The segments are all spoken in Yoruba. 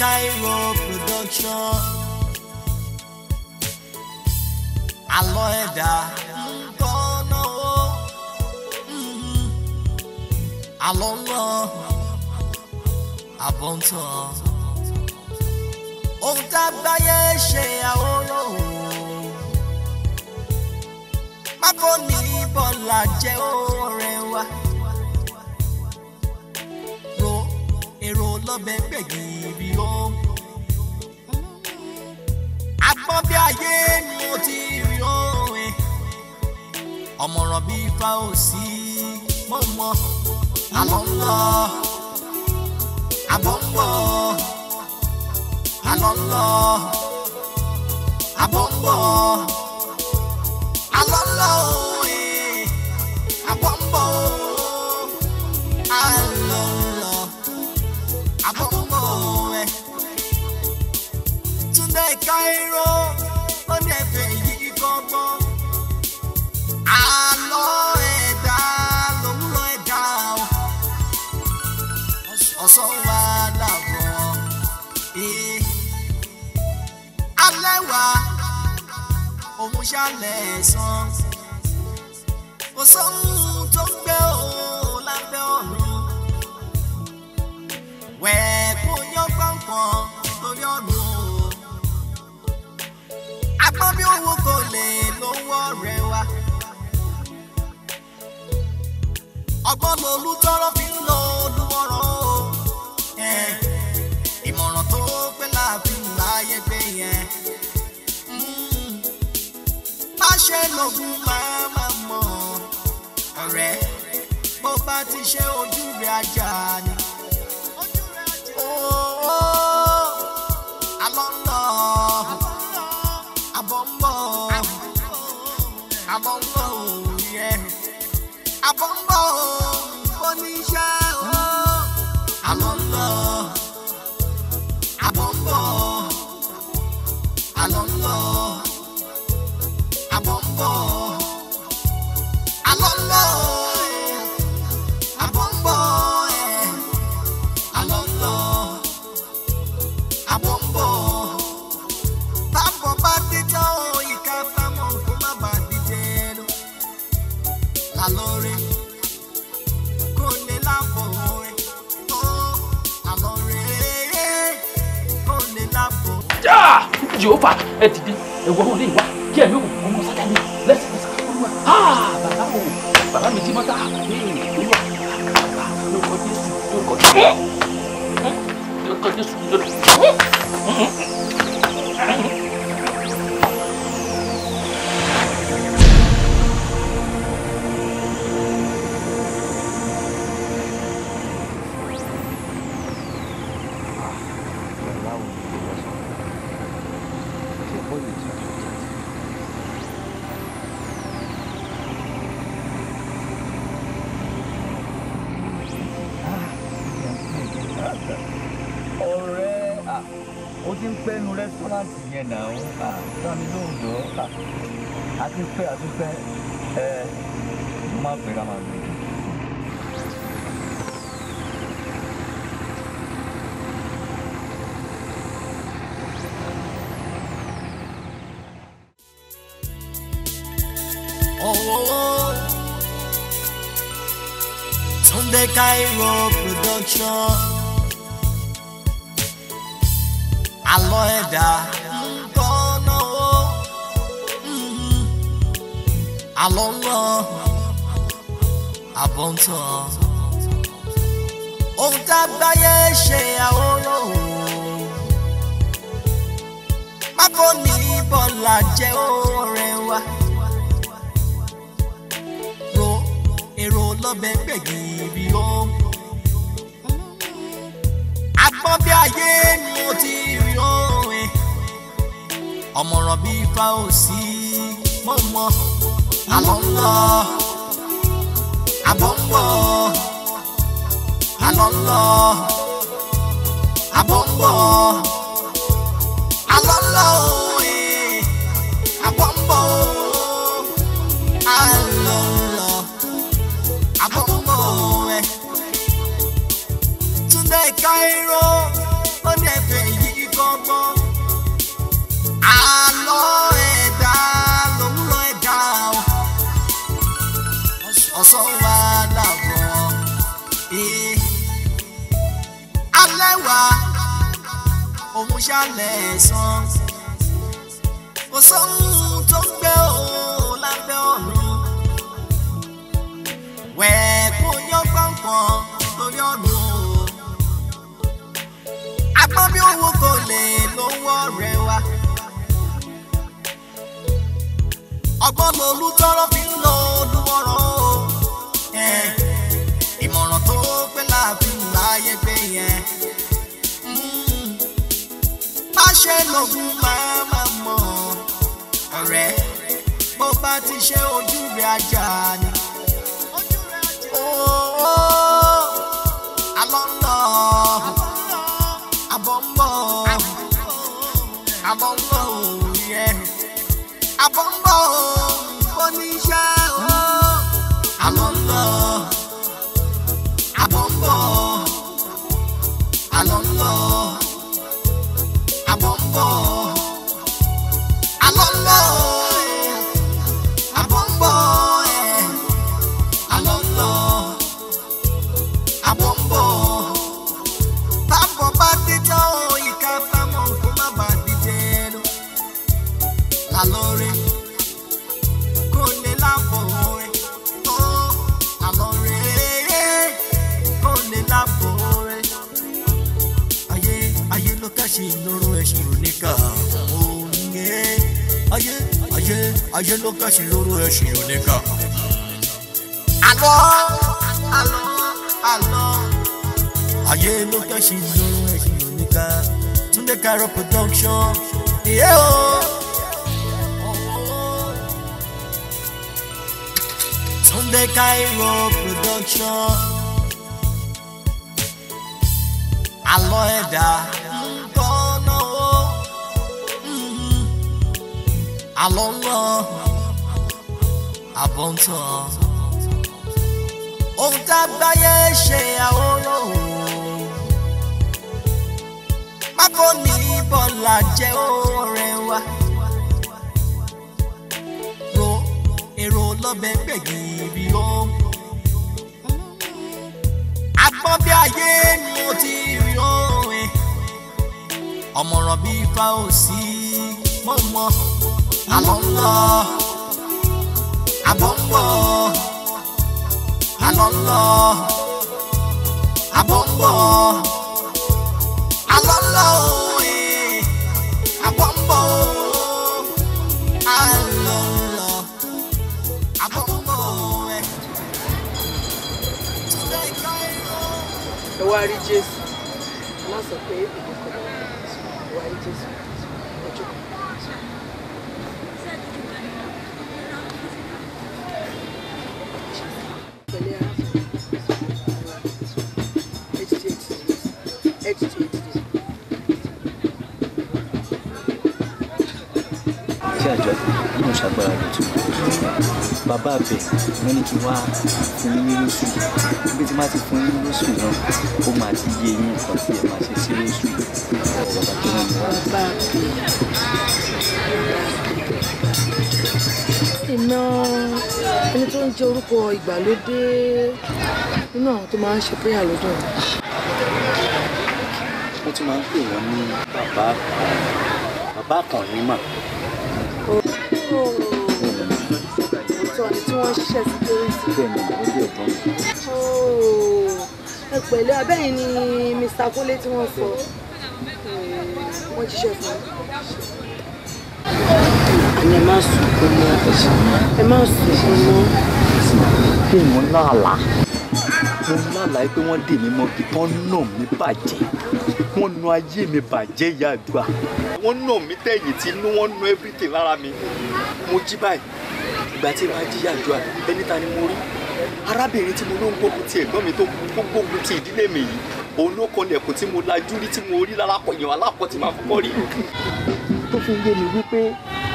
Cairo production. Àlọ́ ẹ̀dá mm-hmm. ń bọ̀ náà ó. Àlọ́ ń lọ Ohun tá a gbáyé ṣe àhóró o. Má ní bọ́lá jẹ́ ó rẹwà. èrò lọ́bẹ̀ gbẹ̀gìrì o. agbọ́n bí ayé ni mo ti rí òwe ọ̀mọ̀ràn bí ifá ò sí mọ́ mọ́ àlọ́ ń lọ àbọ̀ ń bọ̀ àlọ́ ń lọ àbọ̀ ń bọ̀ àlọ́ ń lọ òwe àbọ̀ ń bọ̀ àlọ́. ẹ̀ka irọ́ ó dẹ̀fẹ̀ yìí kọ́kọ́. àlọ́ ẹ̀dá lòwúrọ̀ ẹ̀dá ọ̀sán wa dàbọ̀ ee. Eh. alẹ́ wa òun ṣàlẹ̀ sàn kò sóhun tó ń gbé òun lábẹ́ ọ̀run wẹ̀ẹ́ kó yọ gbọ̀ngàn lórí ọ̀run. Abi bí owó kò lè lówó ọ̀rẹ́ wa. ọgbọ́n lolú tọrọ fi ń lo olúwọ̀rọ̀ o. ìmọ̀ràn tó pé láàfin láàyè pé yẹn. Hmm, má ṣe lògùn máa máa mọ̀ ọ̀rẹ́ bó bá ti ṣe ojú rẹ̀ ajá ni. ojú rẹ̀ ajá ni. abọ́ngbò yẹ abọ́ngbò oníṣẹ́ o àlọ́ ń lọ abọ́ngbò àlọ́ ń lọ abọ́ngbò. àlọ́rẹ́ kò ní láàbọ̀ ọ̀rẹ́ ó àlọ́rẹ́ eh, kò ní láàbọ̀. já jehova ẹ dìde ẹwọ ọrùn lè wá kí ẹmí òkú ọmọ sátani lẹsẹ lẹsẹ olúwa bàbá o bàbá mi ti mọ́tà olúwa bàbá lórúkọ jésù lórúkọ jésù lórúkọ jésù lórúkọ jésù. yẹn náà sọ́ni ló ń lọ àti fẹ́ àti fẹ́ Sunday Cairo production. Aloe àlọ́lọ́ àbọ̀ntọ́ ohun tá a gbáyé ṣe àwọn olóhùn mákò ní bọ́lá jẹ́ ọ̀rẹ́ wa ro èrò lọ́bẹ̀ gbẹ̀gìrì ó agbọ́n bí ayé ni ó ti rí òun ọmọràn bí ifá ò sí mọ́mọ́ àlọ́ ń lọ àbọ̀ ń bọ̀ àlọ́ ń lọ àbọ̀ ń bọ̀ Cairo. lẹ́wà òun ṣàlẹ̀ ẹ̀sán kò sóhun tó ń gbé òun lábẹ́ ọ̀run wẹ̀ẹ́ kó yọ gbọ̀ngàn lórí ọ̀run agbọ́n bí owó kò lè lówó ọ̀rẹ́ wa. ọgbọ́n lolú tọrọ fi ń lo olúwọ́rọ́ o ìmọ̀ràn tó pé láàfin láàyè pé yẹn ṣe lògùn máa ma mọ̀ ọ̀rẹ́ bó bá ti ṣe ojú rẹ̀ ajá ni. Àlọ́ ń lọ, àbọ̀ ń bọ̀, ayé ló kàṣí lóró ẹṣin oníkà. àlọ́ àlọ́ àlọ́. ayé ló kàṣí lóró ẹṣin oníkà Túndé Cairo production. ìyẹ́ o. Túndé Cairo production. àlọ́ ẹ̀dá. E àlọ́ ń lọ àbọ̀ ń tọ̀ ohun tá a gbáyé ṣe àwọn olóhùn pákó ní bọ́lá jẹ́ ọ̀rẹ́ wa ro èrò lọ́bẹ̀ gbẹ̀gìrì ó agbọ́n bí ayé ni ó ti rí òun ọmọràn bí ifá ò sí mọ́mọ́ àlọ́ ń lọ àbọ̀ ń bọ̀ àlọ́ ń lọ àbọ̀ ń ẹ wá rí Jésù má pé ìdókòwò ẹ wá rí Jésù. bàbá àbẹ̀ wọ́n ní kí n wá fún yín ní lóṣù yìí bí tí má ti fún yín ní lóṣù náà ó máa ti yé yín nǹkan tí ẹ máa ṣe sí lóṣù yìí bàbá tó wọ́n ní wá. iná ẹni tó ń jẹ orúkọ ìgbàlódé nínú àwọn tó máa ń ṣe péyà lọ́dọ̀ wọ́n tún máa ń pè wọ́n ní bàbá bàbá kan ní mà wọ́n ń ṣiṣẹ́ security. bẹ́ẹ̀ ni àwọn ilé ẹ̀gbọ́n mi. ẹ pẹ̀lú abẹ́yìn ni Mr. Kúnlé tí wọ́n sọ wọ́n ṣiṣẹ́ fún mi. ẹ má sunkún mọ́ ẹ má sunkún mọ́. kí mo lálà mo lálà pé wọ́n dè mí mọ́ kí wọ́n nà mí bàjẹ́ wọ́n nà ayé mi bàjẹ́ ìyá àdúrà wọ́n nà mí tẹ̀yìn tí inú wọ́n nà everything lára mi mo jí báyìí ìgbà tí wàá jíyà ju ẹni ta ni mo rí arábìnrin tí mo ló ń gbógun ti ẹ̀gbọ́n mi tó gbógun ti ìdílé mi yìí òun ló kan ilẹ̀kùn tí mo lajú rí tí mo rí lálákọ̀ yẹn alákọ̀ tí màá kọ́kọ́ rí. tó fi yé mi wípé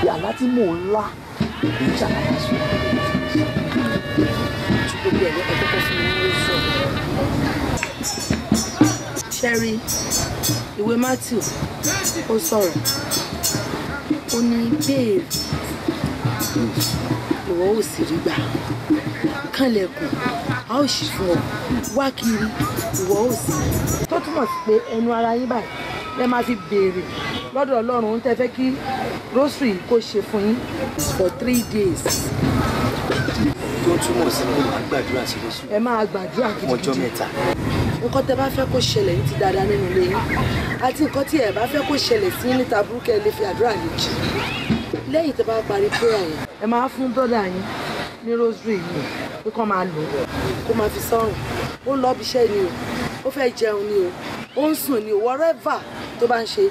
yàrá tí mò ń lá kò ń ṣàlàyé sùn. gbogbo ẹ̀rọ kan fún mi ní oṣù ọ̀gá. ìwé matthew ó sọ̀rọ̀ ó ní babe ìwọ ò sì rí gbà kànlẹ̀kùn a ó sì fún ọ wá kiri ìwọ ò sì tó túmọ̀ sí pé ẹnu ara yín báyìí lẹ́ máa fi béèrè lọ́dọ̀ ọlọ́run tẹ́ fẹ́ kí rosary kó ṣe fún yín for three days tó túmọ̀ sí pé màá gbàdúrà sí lóṣù. ẹ máa gbàdúrà gidigidi ọjọ́ mẹ́ta. nǹkan tẹ bá fẹ́ kó ṣẹlẹ̀ ní ti dáadáa nínú ilé yín àti nǹkan tí ẹ bá fẹ́ kó ṣẹlẹ̀ sí níta burúkẹ́ lè fi àdúrà lè jì lẹ́yìn tẹ bá parí prayer yẹn ẹ máa fún brọ́dà yín ní rosary yìí pé kọ́ máa lò ó kó máa fi sọ́rùn ó ń lọ iṣẹ́ ni o ó fẹ́ jẹun ni o ó ń sùn ni o whatever tó bá ń ṣe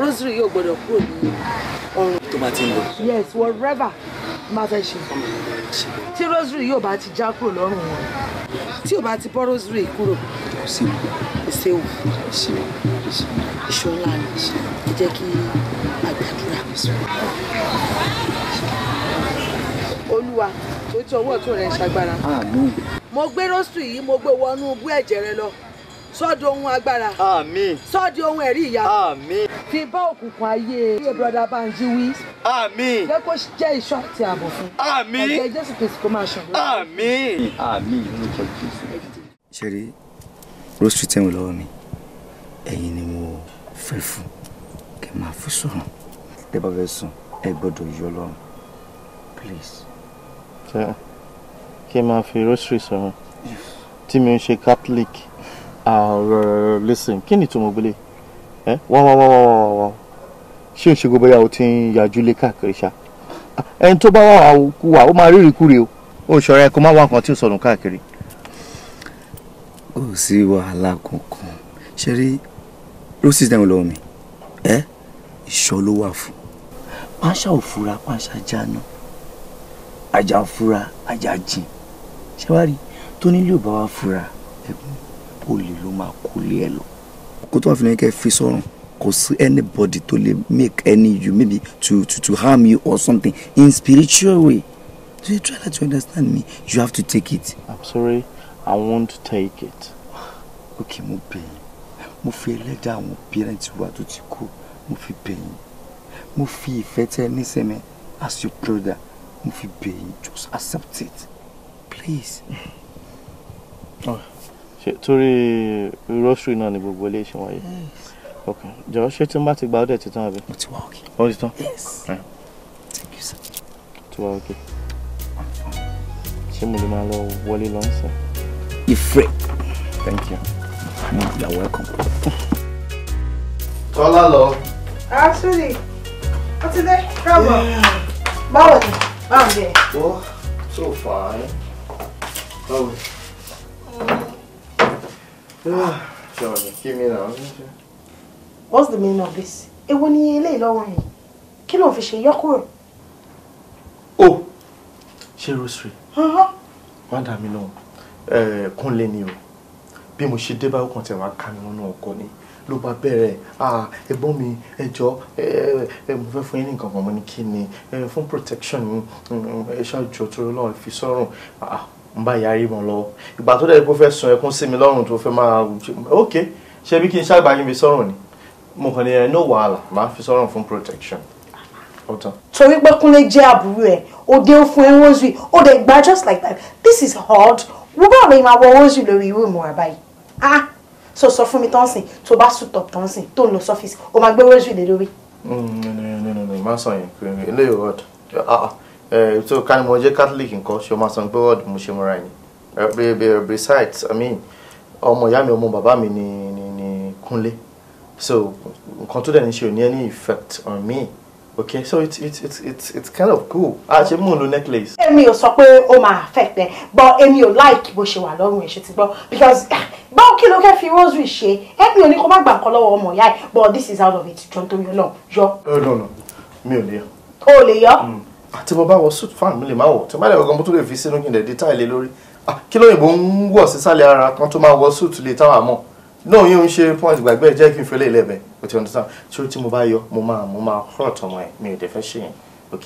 rosary yóò gbọ́dọ̀ kúrò ní ọrùn. tó bá ti ń lò. yes whatever máa fẹ́ ṣe tí rosary yóò bá ti já kúrò lọ́rùn wọn tí ò bá ti bọ́ rosary kúrò ìṣèwò ìṣòro àná jẹ́ kí a gbàdúrà olúwa tó ti ọwọ́ ọ̀tún rẹ̀ ṣàgbára. àmín. mo gbé rọ́sù yìí mo gbé wọnú bú ẹ̀jẹ̀ rẹ lọ sọ́ọ̀dì ohun agbára. sọ́ọ̀dì ohun ẹ̀rí ìyá. fi bá òkùnkùn ayé iye broda banji wí. jẹ́ kó jẹ́ ìṣọ́ àti ààbò fún. ẹ̀jẹ̀ jésù kristu kó máa ṣàn. àmín. àmín lórúkọ jésù. ṣe lọ́wọ́ mi ẹ̀yin ni mo fẹ́ fún kẹ́ máa fi sọ̀rọ̀ tẹ́ bá fẹ́ sùn ẹ gbọ́dọ̀ yọ lọ́rùn please kí n máa fi rosary sọ̀rọ̀ tí mi ń ṣe catholic listen kí ni ìtumọ̀ gbélé wá wá wá wá wá wá ṣé n ṣe gbogbo ìyàwó tí ń yàjú lé káàkiri ṣá ẹni tó bá wà kú wa ó máa rírì kúre o ó ṣọ̀rọ̀ ẹ kó má wá nǹkan tí ò sọnù káàkiri. kò sí wàhálà kankan ṣe rí roses dẹ́hùn lọ́wọ́ mi ẹ ìṣọ́ ló wà fún. pàṣà òfurá pàṣà jáná ajá fura ajá jìn ṣẹwárí tó nílé ò bá wa fura ẹ̀gbọ́n olè ló máa kó lé ẹ lọ. kó tó wà fún mi kẹ́ fi sọ́run kò sí anybody tó lè make any you maybe to to to harm you or something in spiritual way so you try to understand me you have to take it. i'm sorry i want to take it. okay mo bẹ̀yìn mo fi ẹlẹ́dàá àwọn parents wa tó ti kú mo fi bẹ̀yìn mo fi ìfẹ́ tẹ́ ẹ nísẹ̀mẹ́ as your brother mo fi bẹ̀ just accept it please. Oh, torí rọ́ṣù náà ni gbogbo ilé ìṣẹ́ wáyé ok jọ̀wọ́ ṣé tí n bá ti gba ọ́dẹ̀ títán àbí. mo ti yes thank you sir. ti wá òkè. ṣé mo lè máa lọ wọlé lọ́sàn-án. ìfẹ́. thank you. Mm, you're welcome. Tọ́lá lọ. Actually, what's it there? Come on. Báwo ni? báwo dẹ̀. Ah, wọ́n tó fà á ẹ́ báwo. sọ̀rọ̀ kí mi náà ń what's the meaning of this? It won't be lọ́wọ́ yìí kí ló ń fi ṣe yọ́kùrọ̀. o ṣe rosary. wọ́n uh-huh. dà mí lóhùn eh, kúnlé ni o bí mo ṣe dé báwo kàn tẹ̀ wá ká mi mọ́nú ọkọ ni ló bá bẹ̀rẹ̀ ẹ̀gbọ́n mi ẹ jọ̀ọ́ ẹ mo fẹ́ fún yín ní nǹkan kan mo ní kí ni fún protection mm, mm, mm, ẹ ṣáàjọ torí náà fi sọ́rùn n bá yarí mọ́ lọ ìgbà tó dẹ̀ bó fẹ́ sun ẹkún sí mi lọ́rùn tó fẹ́ máa ok ṣé bí kí n ṣàgbà yín fi sọ́rùn ni mo kàn ní ẹ no wàhálà máa fi sọ́rùn fún protection ọ̀tọ̀. torí pé kúnlé jẹ́ àbúrò ẹ̀ òde ó fún ẹ rosary ó dẹ̀ gbà just like that this is hard wúgbọ́n mi máa wọ rosary lórí irú ìmúra báyìí. Ah! so sọ fún mi tán sìn tó bá sùtọ̀ tán sìn tó ń lọ sọ́fíìsì o máa gbé rosary lé lórí. Mm, má sọ yẹn pé ilé ìwọ́d tó ká ni mo jẹ́ catholic nǹkan ṣe o máa sọ pé wọ́ọ̀dù mo ṣe mọ́ra yẹn eh, besides i mean ọmọ ìyá mi ọmọ bàbá mi ni ni so nǹkan tó dẹ̀ ní ṣe ò ní on me okay so it's it's it's it's it's kind of cool a ṣe mú un lo necklace. èmi ò sọ pé ó máa affect ẹ but èmi ò like bó ṣe wà lọ́rùn ẹ̀ ṣe ti gbọ́ because ah, báwo kí ló fẹ́ fi rosary ṣe èmi ò ní kó má gbà nǹkan lọ́wọ́ ọmọ ìyá ẹ̀ but this is out of it jọ nítorí ọlọ́run yọ. no no mi ò lè yọ. o ò lè yọ. Mm. àti bọ́ bá suit fan mi lè má wọ̀ tí wọ́n bá lè wọ gan bó tó lè fi sínú kí n dẹ̀ dé táìlì lórí ah, kí lóyìnbó ń wọ̀ sísàlẹ̀ ara kan tó máa wọ suit lè táwọn àmọ́ náà yóò ń ṣe point gbàgbé ẹ̀ jẹ́ kí n fi lè lẹ́bẹ̀ẹ́ o ti understand so tí mo bá yọ mo máa mo máa hurt ọmọ ẹ mi ò dẹ̀ fẹ́ ṣe yẹn ok.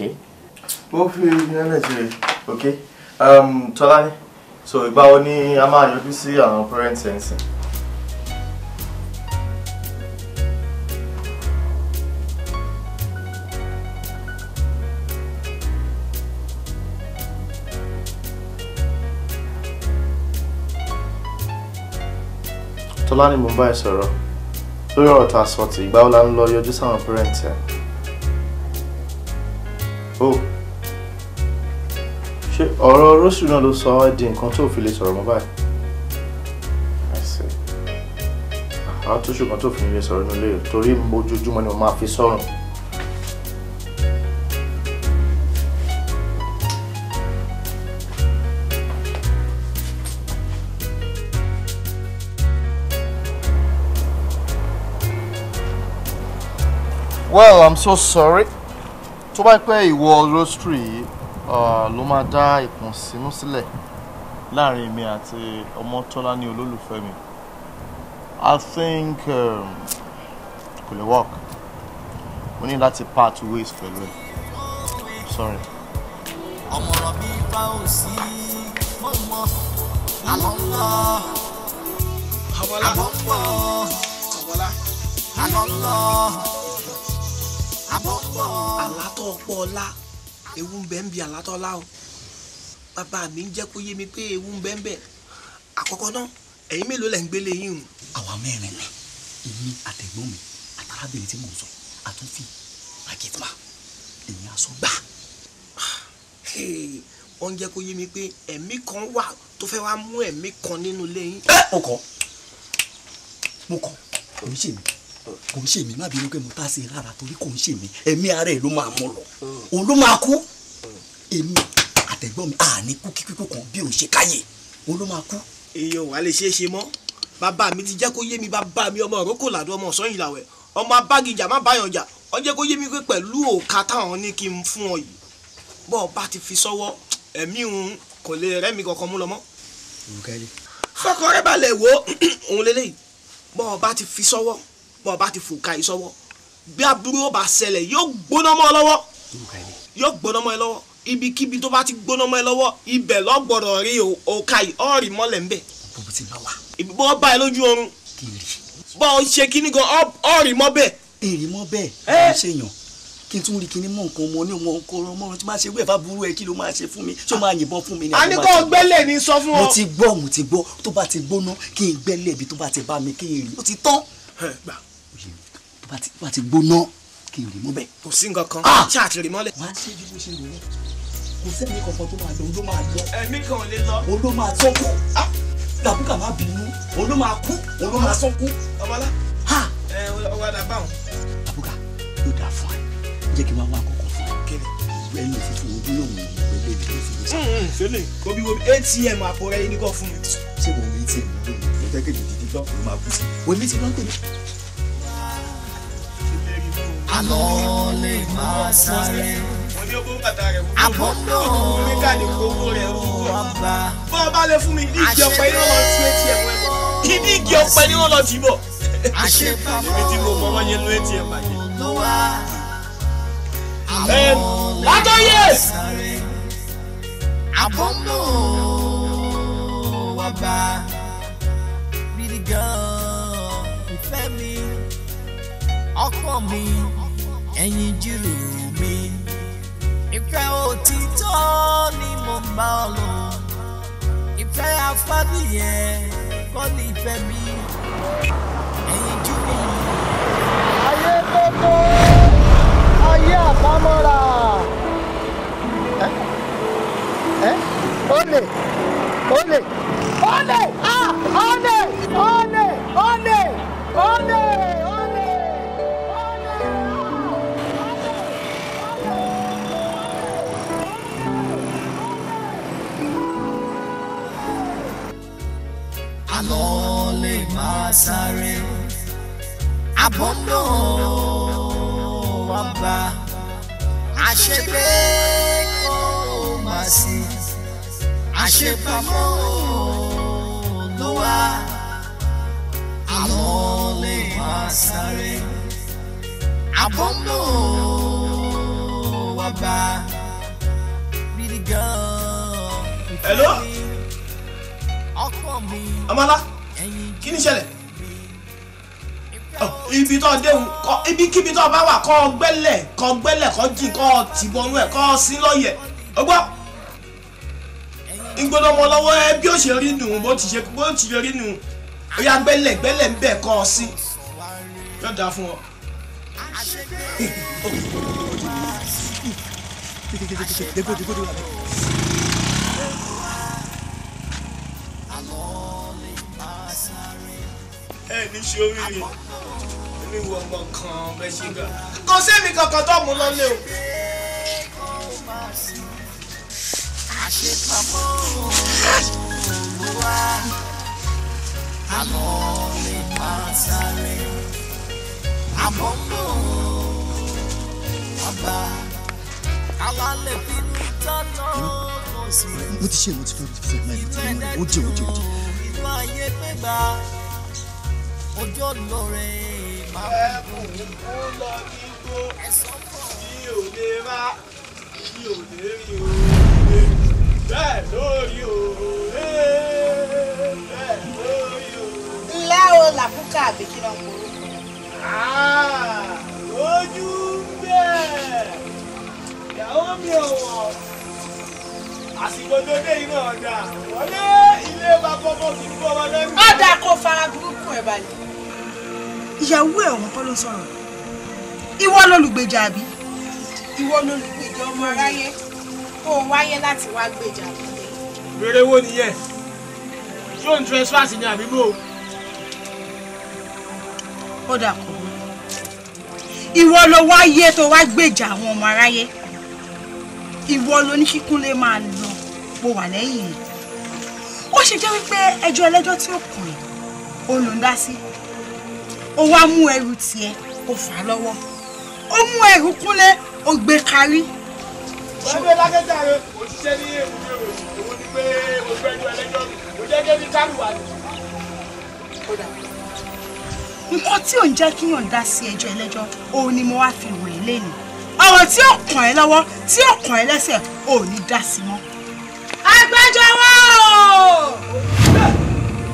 mo fi ìyẹn náà ok um, tọ́lá ni so ìgbà wo ni a máa yọjú sí àwọn parent sensing. Tọ́lá ni mo bá ẹ sọ̀rọ̀ lórí ọ̀rọ̀ tá a sọ ti ìgbà ọ̀la ń lọ yọjú sáwọn parents ẹ̀ o ṣé ọ̀rọ̀ rosary náà ló sọ ọ́ di nǹkan tó fi lè sọ̀rọ̀ mọ́ báyìí àwọn tó ṣùgbọ́n tó fi lè sọ̀rọ̀ nílé torí ojoojúmọ́ ni mo máa fi sọ̀rọ̀. well i'm so sorry tó bá pẹ́ ìwọ rosary yìí ló máa dá ìkùnsínú sílẹ̀ láàrin mi àti ọmọtọ́lá ní olólùfẹ́ mi i think um, kò lè work mo ní láti part ways pẹ̀lú ẹ̀ sorry. ọmọràn mi bá ò sí mọ́mọ́ àlọ́ ń lọ àbọ̀lá ń bọ̀ àbọ̀lá ń lọ àlátọ̀ ọ̀pọ̀ ọlá ewu ń bẹ ń bi àlátọ̀ ọlá o bàbá mi ń jẹ́ kó yé mi pé ewu ń bẹ ń bẹ àkọ́kọ́ náà ẹ̀yin mélòó lẹ̀ o. àwa mẹ́rin ni èmi àtẹ̀gbọ́n mi àtàràbìnrin tí mò ń sọ àtúnfì àkìtìmá èmi aṣọ gbà. wọ́n ń jẹ́ kó yé mi pé ẹ̀mí kan wà tó fẹ́ wá mú ẹ̀mí kan nínú ilé yín. mo kọ mo kọ èmi ṣèmi kò ń ṣèmí má bínú pé mo tá sí i rárá torí kò ń ṣèmí ẹ̀mí ara ẹ̀ ló máa mú lọ òun ló máa kú èmi àtẹ̀gbọ́n mi àní kú kíkú kan bí òun ṣe káyè òun ló máa kú. èèyàn wà lè ṣeé ṣe mọ́ bàbá mi ti jẹ́ kó yé mi bàbá mi ọmọ òrókò làdó ọmọ ọ̀sán ìlàwẹ̀ ọmọ abágijà má báyọ̀ jà ó jẹ́ kó yé mi pé pẹ̀lú òka táwọn ní kí n fún ọ yìí bọ́ ọ bá ti fi sọ́wọ́ ẹ̀mí òun kò lè rẹ́mi kankan mú lọ mọ́. fọkàn balẹ̀ wo òun lélẹ́yìí bọ́ ọ bá ti fi sọ́wọ́ bọ́ọ̀ bá ti fòkà yìí sọ́wọ́ bí aburú ó bá ṣẹlẹ̀ yóò gbóná mọ́ ọ lọ́wọ́ yóò gbóná mọ́ ẹ lọ́wọ́ ibikíbi tó bá ti gbóná mọ́ ẹ lọ́wọ́ ibẹ̀ lọ́gbọ̀dọ̀ rí òkà yìí ọ̀rì mọ́lẹ̀ ń bẹ̀. ibi bọ́ bá ẹ lójú oorun bọ́ ọ ṣe kíní gan ọ̀rì mọ́ bẹ́ẹ̀. èrè mọ́ bẹ́ẹ̀ ẹ̀ ṣèyàn kí n tún rí kíní mọ nǹkan ọmọ ní wọn kọ ọmọ tí máa ṣe wẹ́ẹ̀ bá burú ẹ kí ló máa ṣe fún mi tí ó máa yìnbọn fún mi. a ní kó gbẹ́lẹ̀ ní sọ fún ọ. mo ti gbọ́ mo ti gbọ́ tó bá ti gbóná kí n gbẹ́lẹ̀ ibi tó bá ti bá mi kí n rí ó ti tán. ẹ gbà bá ti gbóná kí n rí mú bẹ́ẹ̀. kò sí nǹkan kan ah! ṣáà ti rí mọ́lẹ̀. wàá ṣe ju bó ṣe rò ó kò sẹ́ni kankan tó máa lọ olú máa lọ. ẹ̀mí kan ò lè lọ. olú máa sọ́kù ah! dàbúkà má bínú olú máa kú olú máa sọ́kù. ọmọlá ẹ ọwọ́ adá báwọn. dàbúkà yóò dáa fún ẹ jẹ́ kí n máa wá àkọ́kọ́ fún ẹ. kí ni ẹni òfìfo ojú náà mi pẹ̀lú ìdílé fún mi. fẹ́lẹ̀ kóbi àlọ́ lè máa sáré. wọ́n ní owó bàtà rẹ̀ wúwo. àbọ̀nà oríkà ní owó rẹ̀ wúwo. bọ́ ọ bá lè fún mi ní ìdí ọ̀pẹ iná lọ sí etí ẹ̀ wẹ̀ bọ́. ibi ìdí ọ̀pẹ ni wọ́n lọ sí bọ̀. àṣepamọ́ ibi tí mo mọ wọ́n yẹn ló etí ẹ̀ bàjẹ́. ló wá àlọ́ lè máa sáré. àbọ̀nà wà bá rírí gan-an ìfẹ́ mi ọkọ mi ẹ̀yin jírò mi ìfẹ́ òtítọ́ ni mo ń bá ọ lò ìfẹ́ afábíyẹ kọ́ ni ìfẹ́ mi. kọ́ gbẹ́lẹ̀ kọ́ gbẹ́lẹ̀ kọ́ jì kọ́ tìbọnú ẹ̀ kọ́ sí lọ́yẹ̀ ọgbọ́n ìgbọ́dọ̀mọ lọ́wọ́ ẹ bí ó ṣe rí nù bó ti ṣe bó ti ṣe rí nù ó gbẹ́lẹ̀ gbẹ́lẹ̀ ń bẹ̀ kọ́ sí yóò dáa fún ọ. ẹ ní ṣe oríire oníwọ̀n kan bẹ́ẹ̀ ṣe gbà kò sẹ́mi kankan tó mú lọ́lé o. àṣepamọ́ òwúwa àmọ́ lè má mo ti ṣe mo ti fẹ́ mo ti fẹ́ máa ń tẹ́ ó jẹ́ ó jẹ́ ó jẹ́. ìlú ayé o mi ò lè ra mi ò lè rí o bẹ́ẹ̀ lórí o bẹ́ẹ̀ lórí o. ńlá o làkúkà àbí kí ló ń polówó. ojú bẹ́ẹ̀ ìyàwó mi ọ̀dà kò fara burúkú ẹ̀ balẹ̀. ìyàwó ẹ̀ ọ̀hún kọ́ ló sọ̀rọ̀ ìwọ lolùgbèjà àbí ìwọ lolùgbèjà ọmọ aráyé kó o wáyé láti wá gbèjà àbí. rere wo nìyẹn ṣé òun tún ẹṣọ àti ní àbí mò ń. ó dà kó ìwọ ló wáyé tó wá gbèjà àwọn ọmọ aráyé ìwọ ló ní kíkúnlé máa lọ bó wà lẹ́yìn rẹ̀ ó ṣe jẹ́ wípé ẹjọ́ ẹlẹ́jọ́ tí ó kàn ẹ́ ó lò ń dá sí ó wá mú ẹrù tiẹ̀ ó fà á lọ́wọ́ ó mú ẹrù kúnlé ó gbé kárí. ọ̀gbẹ́ lákẹ́jà rẹ̀ òṣìṣẹ́ ní èmi ní òṣìṣẹ́ òun ni pé mo fẹ́ ju ẹlẹ́jọ́ mi mo jẹ́ kébí kálùwà ni. nǹkan tí ò ń jẹ́ kí yàn dá sí ẹjọ́ ẹlẹ́jọ́ òun ni mo wá fi wò lẹ́nu ọ̀rọ̀ tí ó kàn ẹ́ lọ́wọ́ tí ó kàn ẹ́ lẹ́sẹ̀ ò ní dá sí mọ́. agbẹjọ́rò.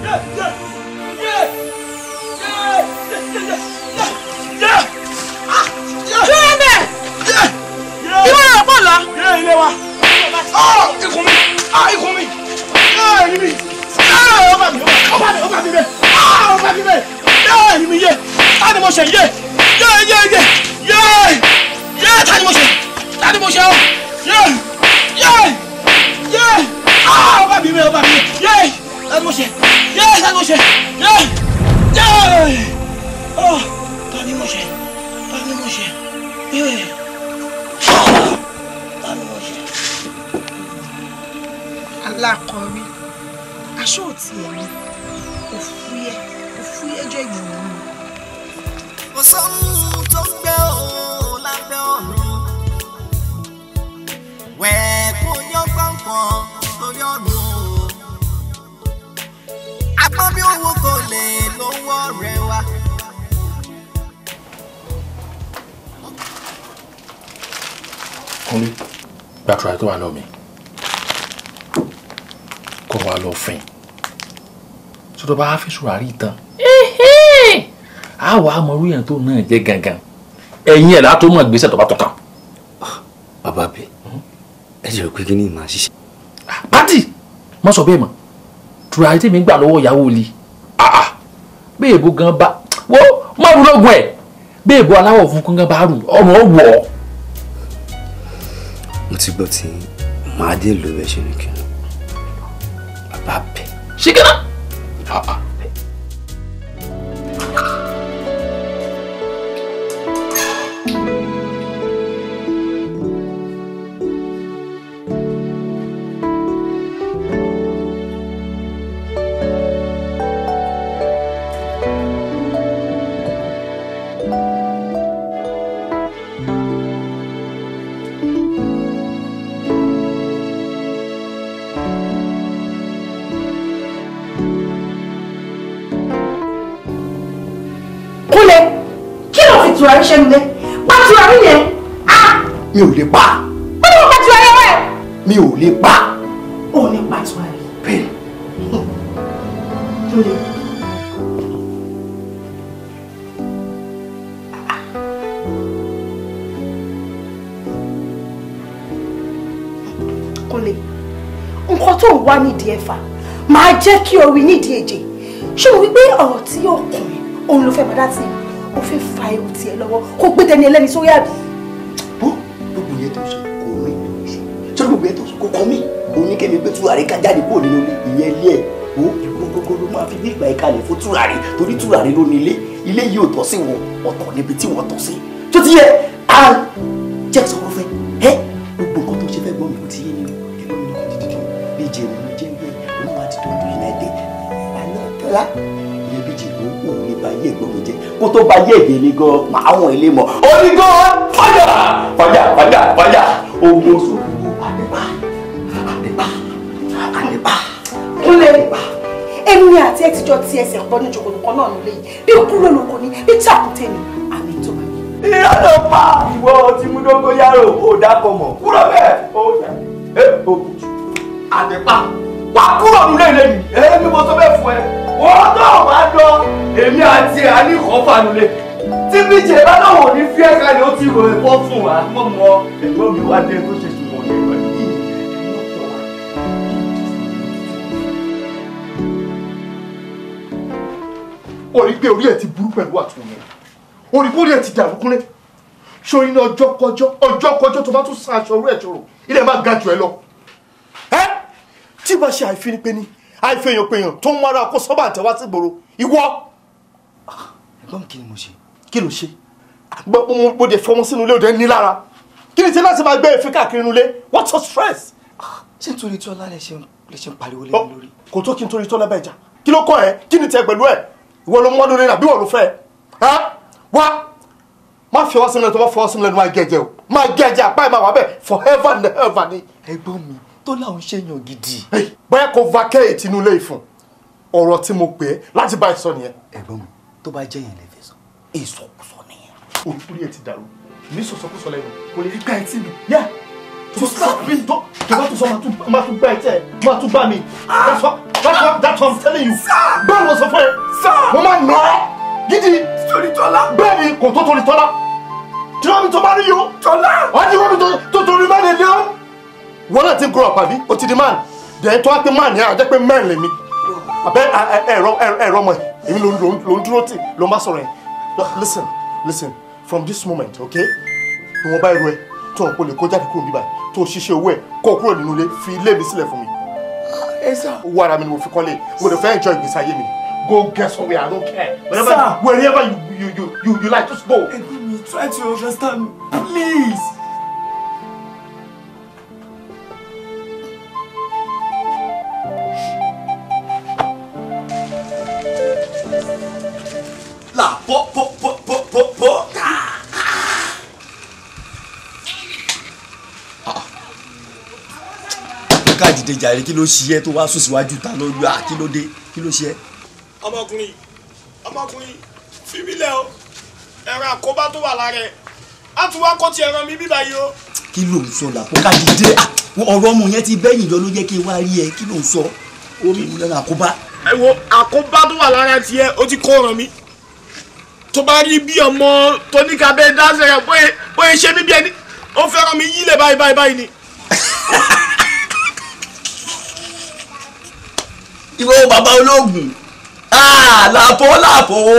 Yeah, yeah, ó ilé ilé wa ah, ikùn mi ah, ikùn mi ah, ẹ̀yìn mi ọba mi ọba mi ọba mi bẹ ọba mi bẹ ẹ̀yìn mi yé tani mo ṣe yé yé yé yé yé yé tani mo ṣe tani mo ṣe ọ yé yé yé ọba mi bẹ ọba mi yé tani mo ṣe yé tani mo ṣe yé yé tani mo ṣe tani mo ṣe yé. la kàn rí aṣọ òtí ẹ̀mí òfúyẹ́ òfúyẹ́ jẹ́ ìgbìmọ̀ mi. kò sóhun tó ń gbé òun lábẹ́ ọ̀run wẹ̀ẹ́ kó yọ gbọ̀ngàn lórí ọ̀run agbọ́n bí owó kò lè lówó rẹ̀ wá. kúnlé gbàtúrà tó wà lọ́mìí kọ́ wa lọ fìn sọ́dọ̀ bá fi sùràrí tán àwa mọ orí yẹn tó náà jẹ́ gangan ẹ̀yin ẹ̀ látó mọ̀ gbèsè tó bá tọ̀kan. bàbá bẹ ẹ jẹ́ pé kí ni màá ṣiṣẹ́. pátì mọ sọ bẹ́ẹ̀ mọ̀ tùràrí tèmi gbà lọ́wọ́ ìyàwó li bẹ́ẹ̀ bó gan bá wo mọ̀ rú lọ́gùn ẹ̀ bẹ́ẹ̀ bó aláwọ̀ funfun gan bá rù ọ̀rùn ó wọ̀ ọ́. mo ti gbọ́ tí màá dé lórí ẹ̀ ṣe ní kí She gonna? Uh-uh. mi ò lè pa. wọ́n ní wọ́n pa ayé wẹ̀. mi ò lè pa. ò ní pa ju ayé. bẹ́ẹ̀ lórí. kọ́lé nǹkan tó ń wá nídìí ẹ̀fà máa jẹ́ kí o rí nídìí èjè ṣé o wípé ọ̀rọ̀ tí ọkùnrin òun ló fẹ́ bá dá sí i ó fẹ́ fa ewu tiẹ̀ lọ́wọ́ kó gbé tẹni ẹlẹ́ni sórí àbí. nǹkan mi oníkẹ́mi gbé túràrí ká jáde kúrò nínú ilé ìyẹn ilé ẹ̀ wo ìwọ gbogbo ló máa fi ní ìgbà ìkàlẹ̀ fún túràrí torí túràrí ló ní ilé ilé yìí ò tọ́ sí wọn ọ̀tọ̀ níbi tí wọ́n tọ́ sí tó ti yẹ à jẹ́ sọ́kọ́ fẹ́ ẹ́ gbogbo nǹkan tó ṣe fẹ́ gbọ́n mi kò ti yé ni o ìlú mi kò dídí dùn bí jèrè mi jẹ́ bẹ́ẹ̀ òun máa ti dọ́dún united àná tọ́lá ìyẹn bí jèrè òun lè ba yé ìgbọ́n mi jẹ́ kó tó ba yé èdè mi gan máa wọn ilé mọ́ onígbọ́n fàjà fàjà fàjà fàjà ogun sùn ẹ ti jọ ti ẹsẹ̀ ọ̀tọ̀ ní ìjòkòtò kan náà nílé yìí bí kúrò lóko ni bí jàkútẹ́ ni àmì tó bá yẹ. irọ́ ló pa ìwọ ti mú dógó yàrá ò dákọ̀ mọ̀ kúrò bẹ́ẹ̀ ó yà é òkú jù. àdìpá wà á kúrò nílé ilé mi èmi mo sọ bẹ́ẹ̀ fún ẹ wọ́n náà máa dán èmi àti ẹ̀ á ní ìkọ́fà nílé tí bíjẹ̀ bá náà wò ní fíẹ́ka ni ó ti rò ẹ̀kọ́ fún wa mọ́ mọ́ ẹ̀gbọ́n mi wá ó rí pé orí ẹ̀ ti burú pẹ̀lú àtúnyẹ ó pé orí ẹ̀ ti dàrú kúnlẹ̀ sórí ní ọjọ́ kọjọ́ ọjọ́ kọjọ́ tó bá tún san aṣọ orú ẹ̀ ṣòro ilẹ̀ máa ga jù ẹ lọ. ẹ tí bá ṣe àìfini ni àìfihàn pèèyàn tó ń wára kó sọ́bà àtẹ̀wá sí gbòòrò ìwọ. ẹ̀gbọ́n kí ni mo ṣe kí ló ṣe. gbọ́ mo mo dé fọmọ sínú ilé òde ní lára kí ni ti láti máa gbé èéfín káàkiri nulẹ̀ what's your stress. ṣé nítorí tí ọlá lè ṣe ń pariwo lé mi oh, lórí. kò tó kí n torí tọ́lá bẹ́ẹ̀ jà kí ló kọ́ ẹ kí ni tẹ pẹ̀lú ẹ ìwọ ló mọ́dún nínú àbí wọ́n ló fẹ́ ẹ́ wá má fi ọwọ́ sílẹ̀ tó bá fọwọ́ sílẹ̀ ní máa gẹ̀jẹ̀ o máa gẹ̀jẹ̀ àpá ẹ̀ máa wà bẹ́ẹ̀ forever and ever ni. ẹ̀gbọ́n mi tó láwọn ṣe yàn gidi. bẹ́ẹ̀ kò vacate inú ilé ìfún ọ̀rọ̀ tí mo pè é láti bá ìsọ nìyẹn. ẹ̀gbọ́n mi tó bá jẹ́ yẹn lè fẹ́ sọ ìsọkúsọ nìyẹn. olùkúrí ẹ ti dàrú mi sọ̀sọ̀kúsọ lẹ́nu kò lè rí ká ẹ tí mi. yá tó sábì tó tó bá tó sọ máa tún gbá ẹ tẹ́ máa tún gbá mi. Ah! That's what, that's what I'm telling you. Bẹ́ẹ̀ ló sọ fún ẹ. Mo máa nà ẹ́ tola. Do you want me to marry you? tó bá rí yó. Tọ́lá. Wọ́n ti to to torí mẹ́rin ni ó. Wọ́n náà ti grow up àbí? O the di man. Dẹ̀yìn tó wá pé man yẹn àjẹ́ pé mẹ́rin lèmi. Abẹ́ ẹ̀rọ ẹ̀rọ ọmọ ẹ̀ èmi ló ń dúró tì ló ń bá sọ̀rọ̀ yẹn. Listen listen from this moment okay? Ìwọ̀nba ẹ̀rọ ẹ̀ tó ọ̀pọ̀ lè kó jáde kúrò níbàyìí tó ṣiṣẹ́ owó ẹ̀ kó kúrò nínú ilé fi ilé mi sílẹ̀ fún mi sir. owó ara mi ni mo fi kọ́lé mo lè fẹ́ enjoy ìgbésí ayé mi go get somewhere i don't care wherever, sir. wherever you, you, you, you, like just go. ẹ̀gbọ́n mi try to understand me please. jàre kí ló ṣiyẹ tó wá sùn síwájú ta lójú à kí ló dé kí ló ṣiyẹ. ọmọkùnrin ọmọkùnrin fìbílẹ̀ o ẹran àkóbá tó wà lára ẹ̀ á tún wá kọ́ ti ẹran mi bíbá yìí o. kí ló ń sọ làpò ká dìde ọ̀rọ̀ ọmọ yẹn ti bẹ́yìn jọ ló jẹ́ kí n wá rí ẹ kí ló ń sọ omi ẹran àkóbá. ẹ wo àkóbá tó wà lára tiẹ̀ ó ti kó ọ̀ràn mi tó bá rí bí ọmọ tóníkàbẹ dáṣẹ bóyá bóyá ṣe mí bí ẹni ó fẹ́ràn mi yílẹ̀ báyìí báyìí báyìí ni. ìwọ bàbá ológun làpọ̀ ah, làpọ̀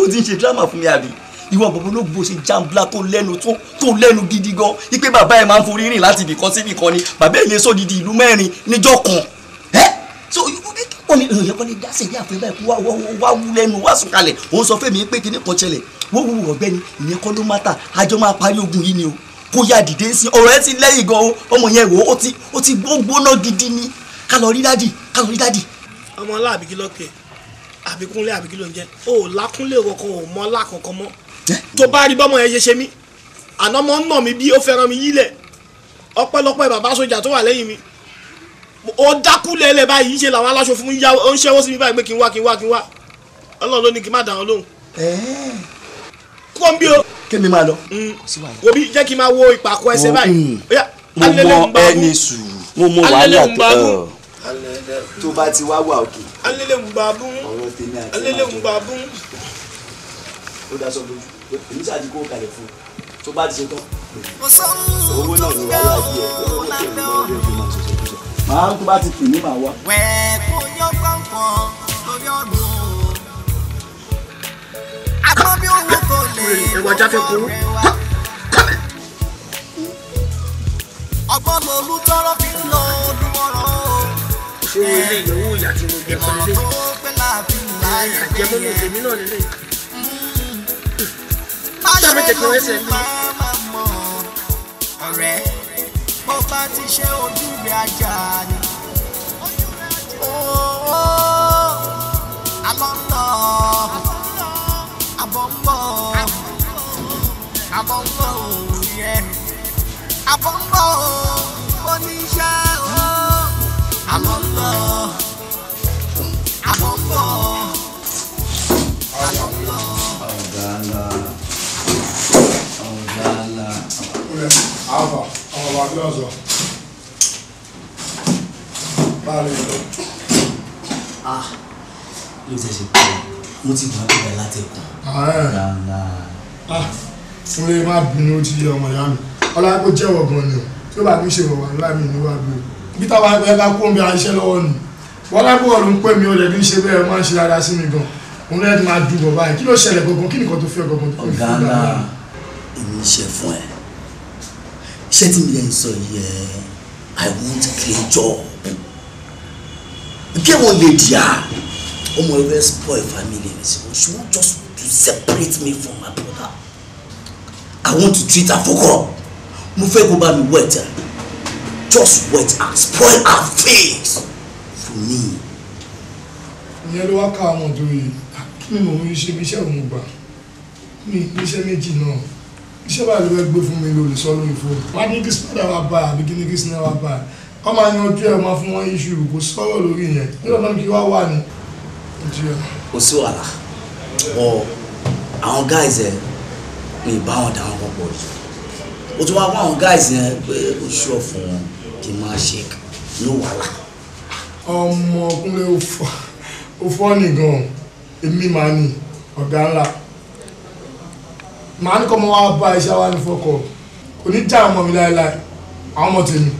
o ti ń ṣe drama fún mi àbí ìwọ bàbá ológun bó ṣe jàǹbla tó lẹ́nu tó lẹ́nu gidi gan ipe bàbá ẹ̀ máa ń forí rìn láti ibìkan sí ibìkan ni bàbá ẹ̀ sọ didi ìlú mẹ́rin níjọ́ kan so wọ́n ní èèyàn kan lè dá sí àfẹ́ báyìí wá wá wú lẹ́nu wá sùn kalẹ̀ òun sọ fẹ́mi pé kíní kan ṣẹlẹ̀ wọ́n wù ọ̀gbẹ́ni ìyẹn kọ́ ló má ta àjọ máa parí ogun yìí ni o kó yá dìde sí ọ̀rọ̀ ẹ ti lẹ́yìn gan o ọmọ yẹn wò ó ti gbóná gidi ni ká lọ rí dádì ọmọ ọlá àbíkí lọ́pẹ́ àbíkúnlé àbíkí ló ń jẹ́ o ò lákúnlé kankan ò mọ ọlá kankan mọ́ tó bá rí bọ́mọ yẹn ṣe ṣe mí àná mọ́ ń nà mí bí ó fẹ́ràn mi yílẹ̀ ọpẹ́lọpẹ́ bàbá sójà tó wà lẹ́yìn mi ó dákúlẹ̀ ẹlẹ́ báyìí ṣe làwọn aláṣọ fún mi yá ó ń ṣẹ́wó sí mi báyìí pé kí n wá kí n wá kí n wá ọlọ́run ló ní kí n má dà wọn lóhùn. kọ́ ń bí o. kémi máa lọ. Mm. òbí jẹ́ kí n máa wo ìpàkọ́ ẹsẹ̀ báyìí. mo mọ ẹni sùúrù mo mọ wàhálà tó tó bá ti wá wà òkè. alẹ́lẹ̀ ń ba bún. ọ̀rọ̀ ń ba bún. ó dá sọ lójú èmi ṣáàjì kó kalẹ̀ fún tó bá ti ṣe tán. owó náà ló wà láàyè ẹ̀ lọ́wọ́ tẹ̀lé lọ́wọ́ bí ọdún máa ṣẹ̀ṣẹ̀ kúṣẹ̀. màá tó bá ti pè mí màá wá. wẹ́ẹ́ kó yọ gbọ̀ngàn lórí ọdún. àgbọn bí owó kò lè lọ́wọ́ rẹ wá. ọgbọ́n lolú tọrọ fi ń lọ ṣé wo ilé ìnáwó ìyá tí mo jẹ kọ́ àjẹmọ́nù tèmi náà nílé ṣé àmì tẹ̀kọ̀ ẹsẹ̀ mi. ọ̀rẹ́ bó bá ti ṣe ojú ajá ni àmọ́ ń lọ àbọ̀ ń bọ̀ bọ̀ àwọn ń bọ̀ àwọn ń bọ̀. ọ̀gáàlà ọ̀gáàlà. àbà àwọn bàbá kí lọ́sọ̀ báyìí lọ. ah ló ti ṣe pé mo ti gbọ́n bíbẹ̀ látẹ̀kùn. ah fúnlé má bínú ti ọmọ ìyá mi ọlọ́wọ́ jẹ́wọ́ gan-an ni o tí ó bá mi ṣe wọ̀wà ńlá mi níwájú o bí táwa ẹgbẹ́ ká kó omi àṣẹ lọ́wọ́ nù wọ́n lábọ̀ ọ̀rọ̀ ń pè mí lẹ̀ bí ń ṣe bẹ́ẹ̀ máa ń ṣe dáadáa sí mi gan òun lẹ́ẹ̀dì máa dùn bọ̀ báyìí kí ló ṣẹlẹ̀ gangan kí nìkan tó fẹ́ gangan tó fi fún ọ̀gá náà èmi ń ṣe fún ẹ iṣẹ́ tí mi lè sọ yìí i want clean job bí àwọn lè dìá ọmọ ẹgbẹ́ spoil family mi sí wọn she wan just to separate me from my brother i want to treat her for her mo fẹ́ kó bá mi wẹ̀ tẹ̀lé just went and spoiled her face for me. ìyẹn ló wá ká àwọn ọ̀dọ́ yìí ah, kí ni mò ń ṣe bí iṣẹ́ òun gbà mi iṣẹ́ méjì náà iṣẹ́ bá lè gbé fún mi lórí sọ lórí fún wa ní kí spadà wá bá àbí kí ní kí sinna wá bá ọ máa yanjú ẹ máa fún wọn iṣu kò sọ̀rọ̀ lórí yẹn nígbà náà kí wá wà ní. kò sí wàhálà ọ àwọn guys ẹ ní ìbáwọn dáhùn pọ̀ jù ó tún wá wá àwọn guys yẹn pé ó ṣọ́ fún wọn kí n máa ṣe ní wàhálà. ọmọ Kúnlé ó fọ́ nìgan èmi máa ní ọ̀gá ńlá màá ní kọ́ mọ́ wá bá iṣẹ́ wa ní fọkọ̀ kò ní já ọmọ mi láéláé àwọn ọmọ tèmi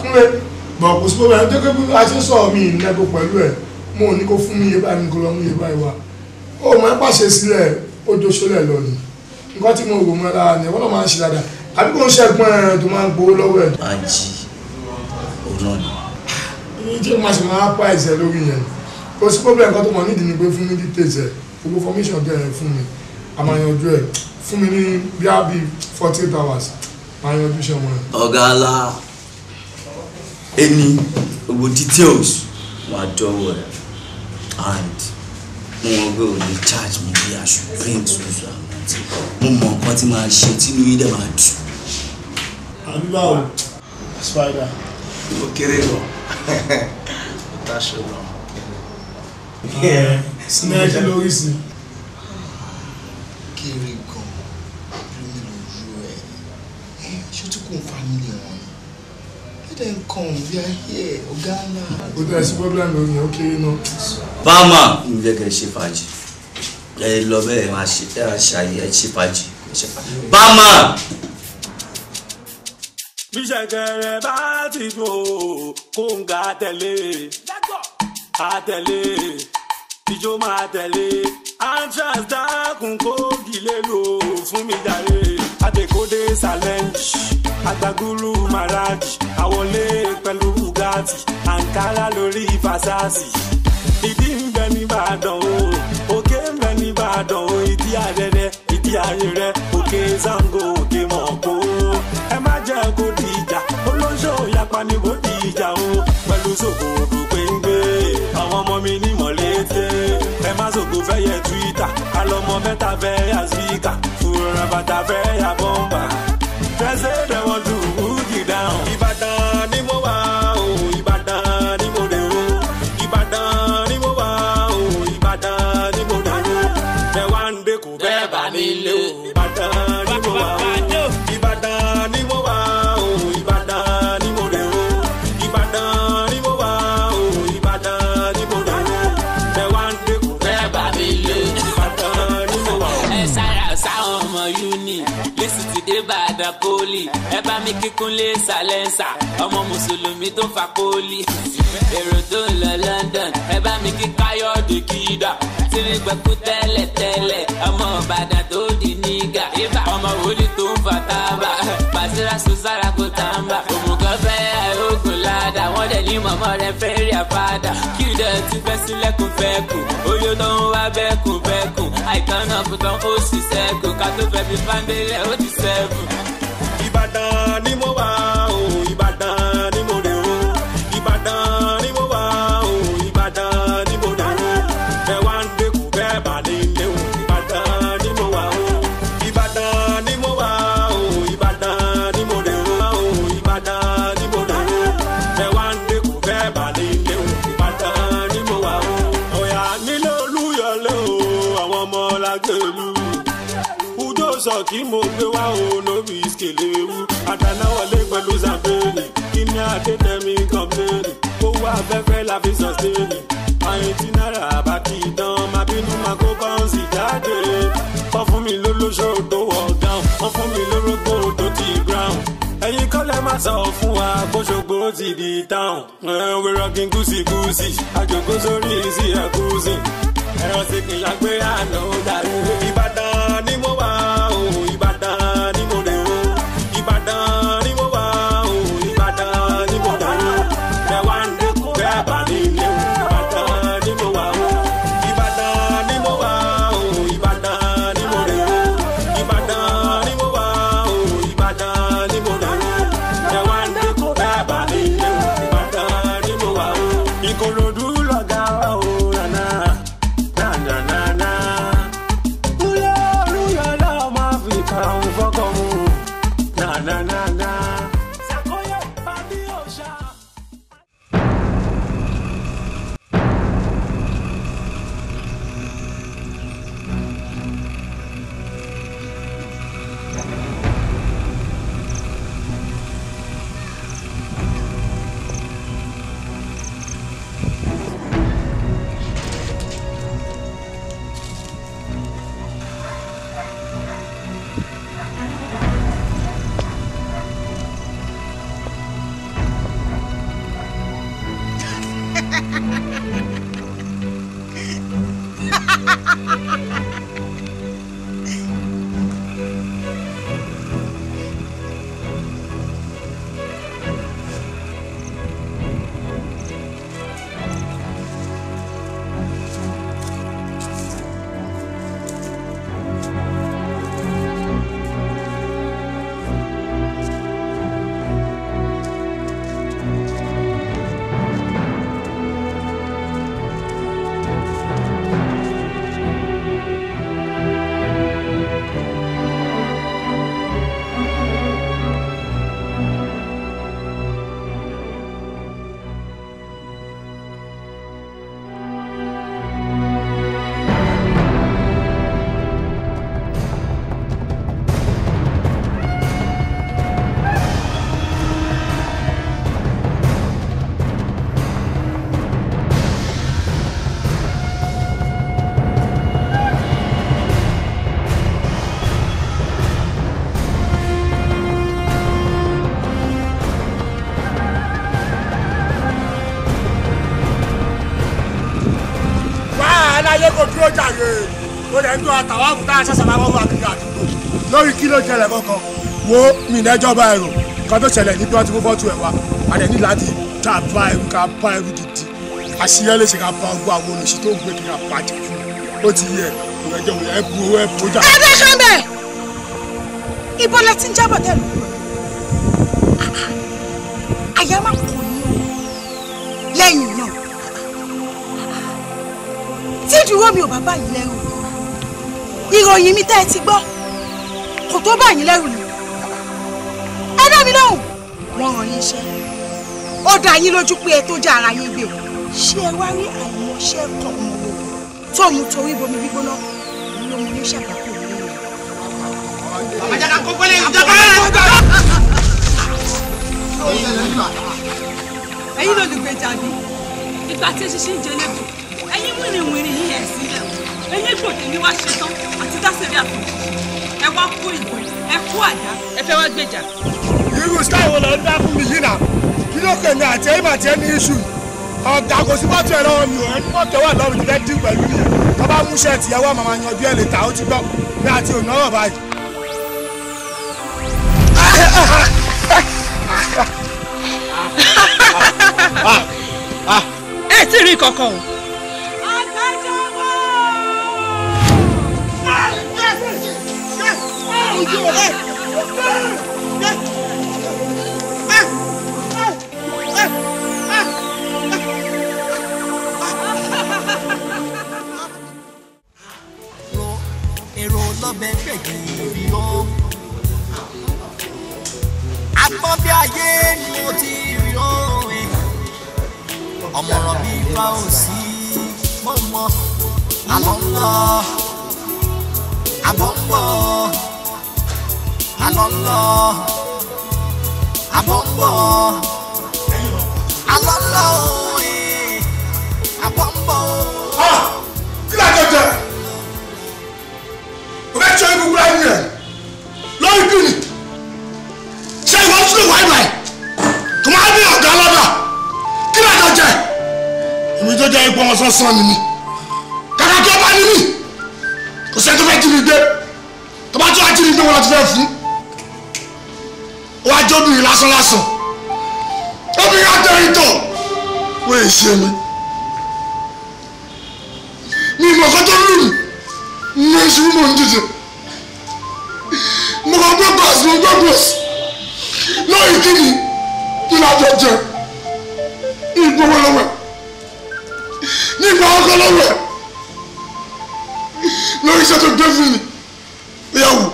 Kúnlé bọ̀ kò sí pọ́bẹ́rẹ́ tó kébí a ṣe sọ̀rọ̀ mi ìnẹ́gbọ̀ pẹ̀lú ẹ̀ mo ò ní kó fún mi iye báyìí ní kó lọ mú iye báyìí wá ó mọ̀ ẹ́ pàṣẹ sílẹ̀ ó dóṣọ́lẹ̀ lọ ni nǹkan tí mo rò mọ́ lára ni wọ́n lọ́ máa ń ṣe dáadáa àbí kò ń ṣẹ́gbọ́n ẹ̀ tó máa ń gbowó lọ́wọ́ ẹ̀. máa jí òun náà ni. ní tí màá ṣe máa pa ẹ̀sẹ̀ lórí yẹn kò sí problem kan tó mọ̀ nídìí ni pé fún mi details ẹ̀ gbogbo formation tẹ̀ ẹ̀ fún mi a máa yanjú ẹ̀ fún mi ní bí a bí forty eight hours máa yanjú iṣẹ́ wọn. ọ̀gá ala ẹni gbogbo details wà dọ́wọ́ ẹ̀ and wọn gbé òní charge mi bí i as you bring to the mo mọ nǹkan tí màá ṣe tí inú dẹ̀ máa dùn àbí báwo spider. ó kéré lọ ó táṣọ lọ. sinaki lórí sí. kéré gan lórí lójú ẹ ṣé tí kò fámìlì wọn ni ẹdẹ nǹkan bí ayé ọgá ńlá. ó dá sí problem lórí ẹ ó kéré náà. báàmà ń jẹ́ kẹ́ ẹ ṣe fàájì ẹ lọ bẹ́ẹ̀ máa ṣe fàájì báàmà bí ṣẹ̀kẹ̀rẹ̀ bá ti dùn o kó ń ga tẹ̀lé àtẹ̀lé ìjó máa tẹ̀lé antrax dákun kó gilé lò fún mi jàre àtẹ̀kọ́dé challenge àgbàgúrú maraj àwọlé pẹ̀lú bugatti ankara lórí fasasi ìdí ń bẹ nìbàdàn o òkè ń bẹ nìbàdàn o ìdí àrẹrẹ ìdí àrẹrẹ òkè zango òkè. Twitter alọmọ mẹ́ta fẹ́ yà síkà forever, bàtà fẹ́ yà bọ́mbà fẹsẹ̀ pólì ẹ bá mi kíkún lé sàlẹ́nsà ọmọ mùsùlùmí tó fa pólì èrò tó ń lọ London ẹ bá mi kí káyọ̀dé kídà tírí gbẹ̀kú tẹ́lẹ̀ tẹ́lẹ̀ ọmọ Ìbàdàn tó di nígà ibà ọmọ wòlíì tó ń fa tábà pàṣírà sùsára kó tàǹbà òmùgọ̀ fẹ́ ogun ládà wọ́n dẹ̀ ní mọ̀mọ́ rẹ̀ fẹ́ rí àfàdà kí ìdẹ̀ ti fẹ́ sílẹ̀kùn fẹ́kù oyó tó ń wá bẹ́kùn fẹ́ fi fáńdélẹ̀ ó tí mo gbé wá o lórí ìsìkèlè ewu àdánáwọlé pẹ̀lú sàbẹ̀rẹ̀ kí ni adédèmí kan bẹ̀rẹ̀ owó afẹ́fẹ́ la fi sàn sẹ́yìn àyètí náírà àbákí ìdán máa bínú máa kó báńsì jáde wọ́n fún mi lólóṣó tó wọ̀ dáhùn wọ́n fún mi lórógbó tó ti ground ẹ̀yin kọ́ lẹ́ máa sọ fún wa bóṣogbo ti di táwọn wérọ́gìn gúúsìgúúsì àjòkó sórí sí ẹ̀kúsì ẹ̀rọ sì kìlá pé àná ó dàrú ìbàdàn. ó lè ń tó àtàwọn àbùtá àṣàṣà làwọn ọmọ àkìkà àdúgbò lórí kí ló jẹlẹ kankan wo mìnẹjọba ẹrọ kan tó ṣẹlẹ̀ níbi wọn ti fún fọtù ẹ wa àdẹ ní láti tá bá ẹrú ká bá ẹrú gidi àṣìyẹ lè ṣe ká bá ọgbọ àwọn olùsí tó ń gbé kí ká bàjẹ́ fún ó ti yẹ ìrẹjọ òyà ẹ bu ẹ bẹ ṣe bẹ ibo la ti ń jábọ̀ tẹ́lu ọwọ́ mi ò bá báyìí lẹ́rù ìròyìn mi tẹ́ ẹ ti gbọ́ kò tó báyìí lẹ́rù ni ẹ dá mi lóhùn wọ́n ràn yín iṣẹ́ ó dá yín lójú pé ẹ tó já ara yín gbé o ṣé ẹ wá rí àìmọṣẹ́ kan ọmọ òwò tó mu torí bomi gbígbóná ló ní ṣàkàkọ òwò rẹ. ló lùgbẹ́jà mi ìgbà tí eṣinṣin jẹ lẹ́kọ̀ọ́ ní ìwìnrin yìí ẹ̀ sílẹ̀ o ẹ̀yìn gbòdì ni wá ṣe àti dáṣẹ̀rí àtúnṣe ẹ wá kó ìwé ẹ kó àdá. ẹ fẹ́ wá gbèjà. irú sáwọn lọ dá fún mi yìí náà kí ló kẹ́ ní àti ẹ̀yìn àti ẹni iṣu ọ̀gá kò sí mọ́tò ẹ̀rọ mi ò ẹni mọ́tò wà lọ́rùn tó fẹ́ pẹ̀lú nìyẹn tó bá mú ṣẹ́ẹ̀tì yẹn wá màmá yanjú ẹ̀ lè ta ó ti gbọ́ ní àti òun náà báyìí. Ah, ah, ah. ẹ ti rí kankan o. lọ́bẹ̀ gbẹ̀gìrì o. àpọ́n bí ayé ni mo ti rí o. ọ̀mọ̀ràn bí fa ò sí mọ́mọ́ àlọ́ ń lọ àbọ̀ ń bọ̀ àlọ́ ń lọ àbọ̀ ń bọ̀ àlọ́ ń lọ o. ẹjọ́ ibùkún ayé rẹ̀ lórí kìnnì ṣé ìwọ tún lè wá ìwà kò máa ní ọ̀gá lọ́dà kí lè tó jẹ èmi tó jẹ ipò wọn sọ́sọ́ ni mi kàkà tó bá ní mi kò sẹ́ni tó fẹ́ jí mi gbé tó bá tó wá jí mi gbé wọn ti fẹ́ fún wọ́n á obìnrin lásán lásán obìnrin àtẹ̀yìn tọ̀ wọ́n èyí ṣe mi mi ìmọ̀ kọ́tọ́ lù mí mo ń ṣubú mo ń mo máa gbọ́ gbàsí mo gbọ́ gbòsì lóyún kí ni kí ni àjọ jẹ ìgbowó lọ́wọ́ ní ìgbà ọkọ lọ́wọ́ lórí iṣẹ́ tó gbé fún mi ìyàwó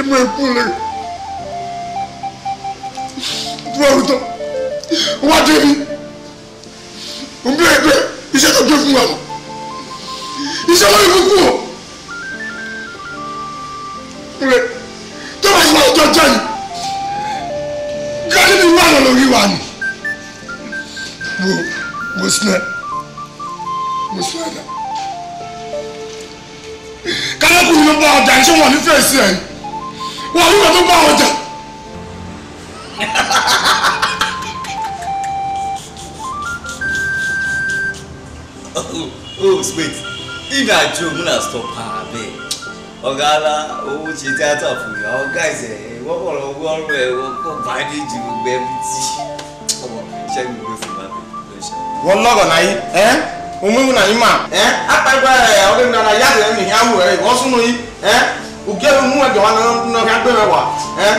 ẹgbẹ́ ìkún lè dúró àwùjọ wá dé mi òun bí ẹgbẹ́ iṣẹ́ tó gbé fún wa lọ iṣẹ́ lórí kúkú o. 对。lọ́jọ́ yìí gẹ́gẹ́ bí wà lórí wa nù wo wo sinẹ wo sinẹ dẹ kálákùn ló bá ọjà ṣé wọn ní fèsì ẹ wọn ní wọn tó bá ọjà. oh, oh, wait. If I joke, I'm stop. Ah, babe. Ọ̀gá la, owó ṣe tíátà fún mi. guys, eh, ìwọ kọ̀ lọ wọ ọ̀rọ̀ ẹ̀ wọ kọ́ bandage gbogbo ẹbí tí ọmọ iṣẹ́ mi ló fi máa bẹ̀ ló ṣe. wọ́n lọ́gọ̀ náà yín ẹ́ omimu náà yín mà ẹ́ apagba ẹ̀ ọ̀gbẹ́ mi náà yáàdì ẹ̀mí yá wù wọ́n súnú yín ẹ́ ògé mú ẹ̀jọ̀ wọn náà ká gbé rẹ̀ wà ẹ́.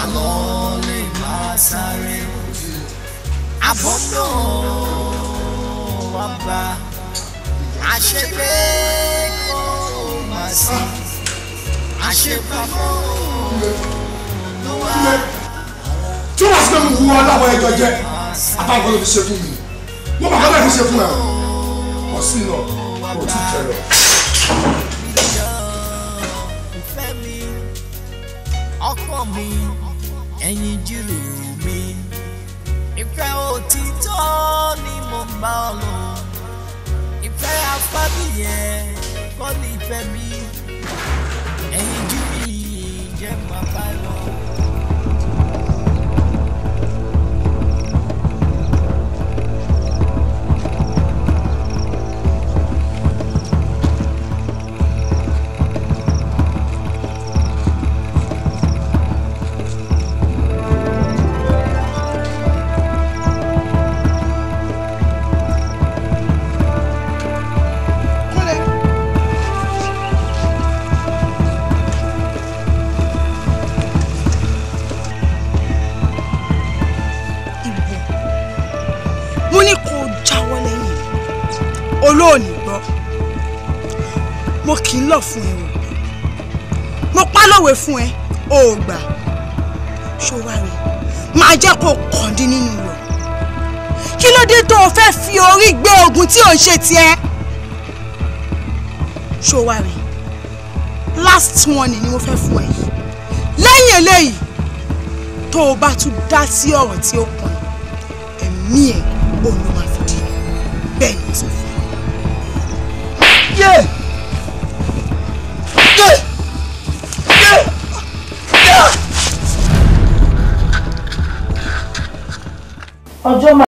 àlọ́ máa sáré àbọ̀ náà wà bá àṣepé kò má sí àṣepamọ́ ló wá. tí wọ́n ti gbẹ́mu hu aláwọ̀ ẹjọ́ jẹ́ abáwọ̀ ló fi ṣe fún mi mo bàbá bẹ́ẹ̀ fi ṣe fún ẹ ọ̀sìn náà kò tí ì jẹ lọ. ọkọ mi ẹyin jíròrò mi ìfẹ́ òtítọ́ ni mo bá ọ lọ tẹ́ apá nìyẹn kọ́ ní ìfẹ́ mi ẹ̀yin jú mi ìjẹ́ màá bá lọ. ṣì ń lọ fún ẹ o mo pa lówe fún ẹ o ò gbà ṣó wá rẹ máa jẹ́ kó kọ̀ọ̀dín nínú rẹ̀ kí ló dé tó o fẹ́ fi orí gbé ogun tí ò ń ṣe tiẹ̀ ṣó wá rẹ last one ni mo fẹ́ fún ẹ yìí lẹ́yìn eléyìí tó o bá tún dá sí ọ̀rọ̀ tí ó kàn ẹ̀mí ẹ̀ olùwàfídì bẹ́ẹ̀ ni mo sọ fún ẹ. Yeah! 好，就们。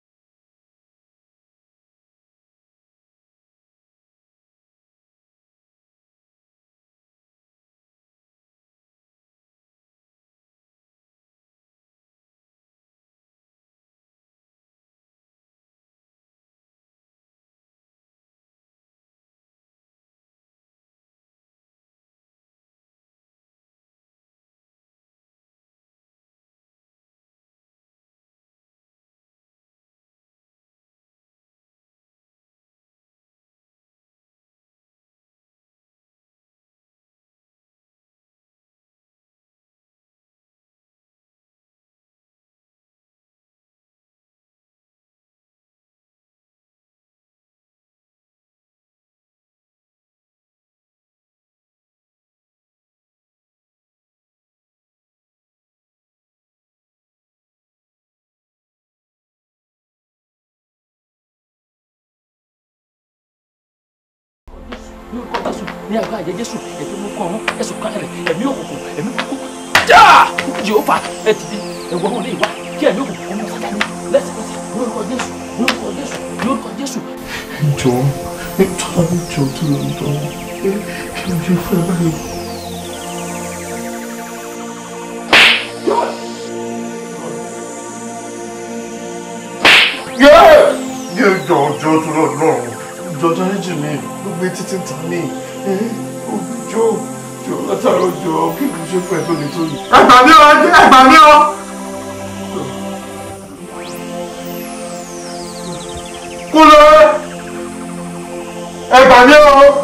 ní orúkọ jésù ní àgbà àjẹ jésù ẹ̀mí orúkọ ọ̀run ẹ̀sùn kárẹ̀ ẹ̀mí òkùnkùn ẹ̀mí kúkú já jehova ẹ ti di ẹ̀wọ̀ ọ̀run lè wá kí ẹ̀mí òkùnkùn ọmọ sájà ní lẹ́sẹ̀kẹsẹ̀ ní orúkọ jésù ní orúkọ jésù ní orúkọ jésù. ìjọ ìjọ ìjọ tí mo ń jọ ìjọ fẹ́ báyìí. Yeah! You don't, don't, don't, don't mi gbogbo etí ti ń tàn mí òjò òjò látàrí òjò kí n ṣe fún ẹ tó lè tó yìí. ẹ gbà mí kúlẹ̀ ẹ gbà mí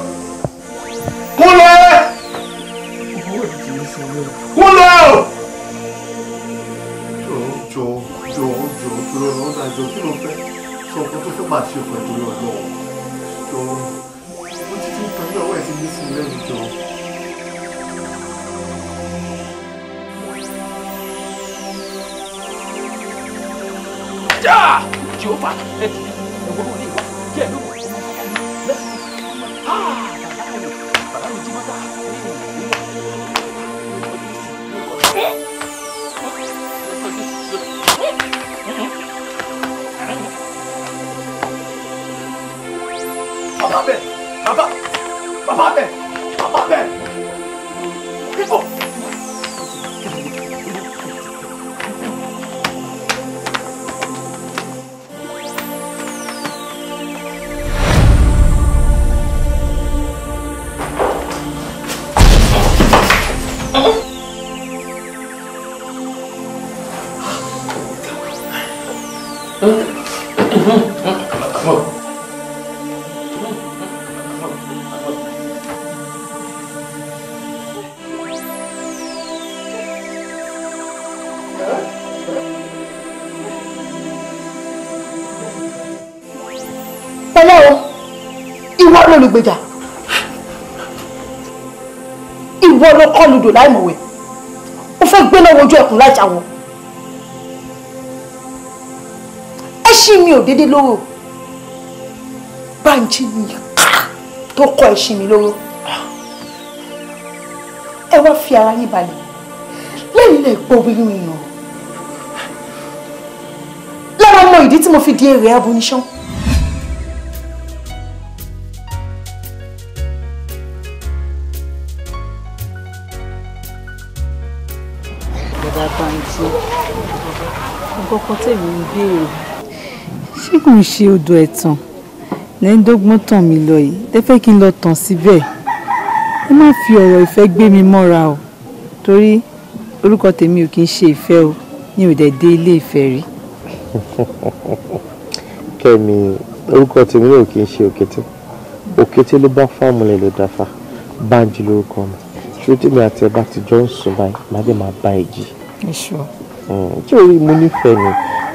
olùgbèjà ìwọ ló kọ́ ludò láìmọ̀wé ó fẹ́ gbé lọ́wọ́ ojú ẹkùn láìjà wọn ẹ ṣì mi ò déédéé lóró báńjí ni tó kọ ẹ ṣì mi lóró ẹ wá fi ara yín balẹ̀ lẹ́yìn lè pọ̀ bí yín yàn lára mọ ìdí tí mo fi di èrè abuniṣán. nǹkan kan tèmi ń béèrè. ṣé kò ń ṣe odò ẹ̀tàn lẹ́ńdọ́gbọ́n tàn mí lọ yìí tẹ́fẹ́ kí n lọ tàn síbẹ̀ ẹ má fi ọ̀rọ̀ ìfẹ́ gbé mi mọ́ra o torí orúkọ tèmi ò kì í ṣe ìfẹ́ o mi ò dẹ̀ dé ilé ìfẹ́ rí. kẹ́mi orúkọ tèmi ò kì í ṣe òkété òkété ló bá fáàmù lè lè dáfa báńjì lórúkọ mi ṣé tèmi àti ẹ bá ti jọ ń sùn báyìí má dé máa bá ẹ jí. ẹ ṣọ́ tí orí mo nífẹ̀ẹ́ ni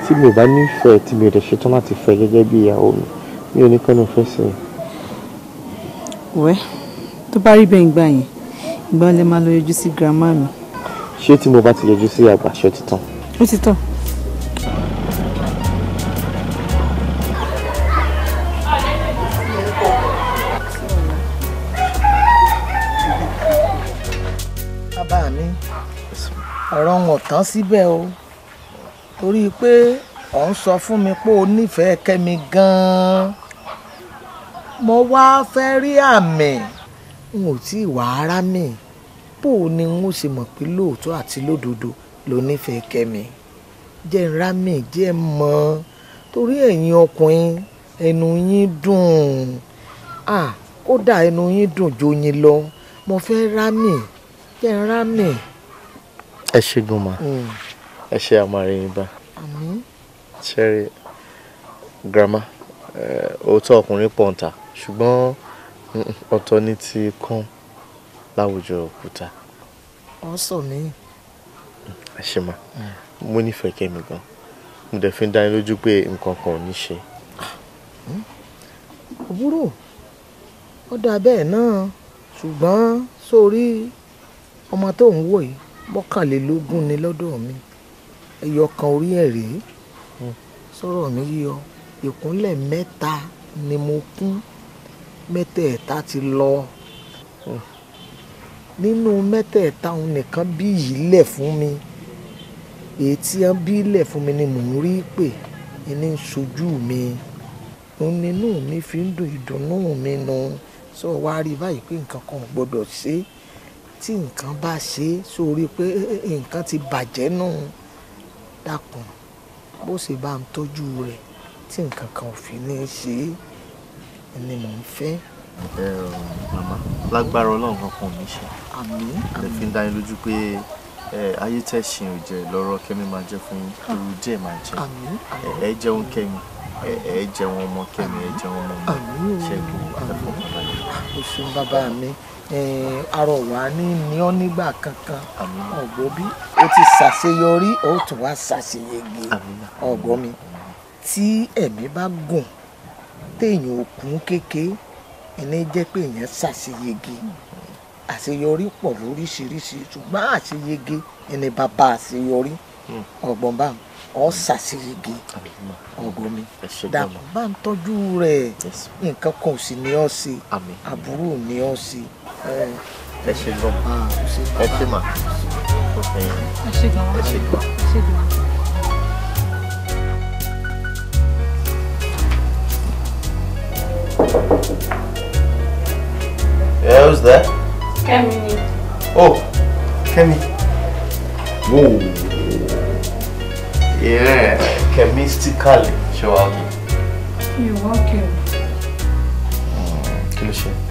tí mi ò bá nífẹ̀ẹ́ tí mi ò dẹ̀ ṣetán láti fẹ́ gẹ́gẹ́ bí ìyàwó mi mi ò ní kọ́ ní fẹ́ sẹ́yìn. wẹ́ tó bá rí bẹ́ẹ̀ ń gbà yẹn ìgbà lè máa lọ yọjú sí grandma mi. ṣé tí mo bá ti yọjú sí àgbà ṣó ó ti tán. ọ̀rọ̀ wọn tán síbẹ̀ o torí pé ò ń sọ fún mi pé o nífẹ̀ẹ́ kẹ́mi gan-an mo wá fẹ́ rí àmì n ò tí ì wá ara mi bó o ni n ó ṣe mọ̀ pé lóòótọ́ àti lódodo ló nífẹ̀ẹ́ kẹ́mi jẹ́ ń rá mi jẹ́ ń mọ́ torí ẹ̀yin ọkùnrin ẹnu yín dùn ah kódà ẹnu yín dùn jó yín lọ mo fẹ́ rá mi jẹ́ ń rá mi ẹ ṣe gùnmà mm. ẹ ṣe àmàrin ìbá ṣẹ́rí grandma òótọ́ ọkùnrin pọ̀ ń ta ṣùgbọ́n ọ̀tọ̀ ní ti kán láwùjọ òkúta. wọ́n sọ mí. ẹ ṣe mà mm. mo nífẹ̀ẹ́ kẹ́mi gan mo dẹ̀ fi ń dání lójú pé nǹkan kan ò ní ṣe. òwúrò ah, mm. ó dáa bẹ́ẹ̀ náà ṣùgbọ́n sórí ọmọ tó ń wò yìí mọ́kànlélógún ni lọ́dọ̀ mi ẹyọ kan orí ẹ̀ rèé hmm. sọ̀rọ̀ mi yíyọ ìkúnlẹ̀ mẹ́ta ni mo kún mẹ́tẹ̀ẹ̀ta ti lọ hmm. nínú mẹ́tẹ̀ẹ̀ta òun nìkan bí yìí lẹ̀ fún mi èyí tí wọ́n bí lẹ̀ fún mi ni mò ń rí pè ní ṣojú mi òun nínú mi fi ń dùn ìdùnnú mi nu sọ wá rí báyìí pé nǹkan kan gbọdọ̀ ṣe é tí nǹkan bá ṣe é sórí pé nǹkan ti bàjẹ́ nù dákun bó ṣe bá ń tọ́jú rẹ̀ tí nǹkan kan ò fi ní ṣe é ni mò ń fẹ́. màmá lágbára ọlọ́run kankan mi ṣe àmín lè fi ń dá yín lójú pé ayé tẹ̀sìn ò jẹ́ lọ́rọ́ kẹ́mi máa jẹ́ fún yín ooru díẹ̀ máa jẹ́ ẹ jẹun kẹ́mi ẹ jẹun ọmọ kẹ́mi ẹ jẹun ọmọ mi ṣẹ́gun àfọ̀kànbalẹ̀. o ṣeun bàbá mi arọ wà ní ní ọ nígbà kankan ọgbọ bí o ti ṣàṣeyọrí o tún wá ṣàṣeyege ọgbọ mi tí ẹ̀mí bá gùn téèyàn òkun kéke ẹni jẹ́ pé èèyàn ṣàṣeyege àṣeyọrí pọ̀ lóríṣiríṣi ṣùgbọ́n àṣeyege ẹni bàbá àṣeyọrí hmm. ọgbọ́n bá ọ ṣàṣeyege ọgbọ́n mi dàpọ̀ bá ń tọ́jú rẹ̀ nǹkan kan ò sì ní ọ́ sí àbúrò ní ọ́ sí. That's your gum. That's your mouth. Okay. That's your gum. That's your gum. That's your gum. Yeah, who's there? Kemi. Oh, Kemi. Whoa. Yeah, chemistically, up. You're welcome. Mm,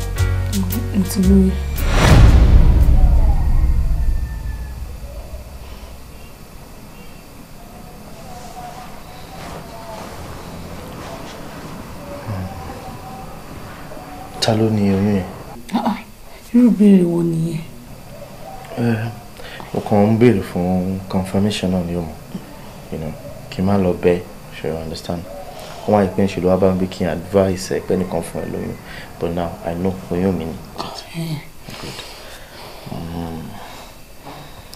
mo ti lóyún. ta ló ní oyún yẹn. Ah, ah, irú ìbéèrè wo nìyẹn. mo kàn ń béèrè fún confirmation on ni You know, kí n má lọ bẹ́ẹ̀ understand wọ́n wáyé pé ń ṣe ló wá bá mi bí kí n advice ẹ pé nìkan fún ẹ lóyún but now I know oyún mi ni.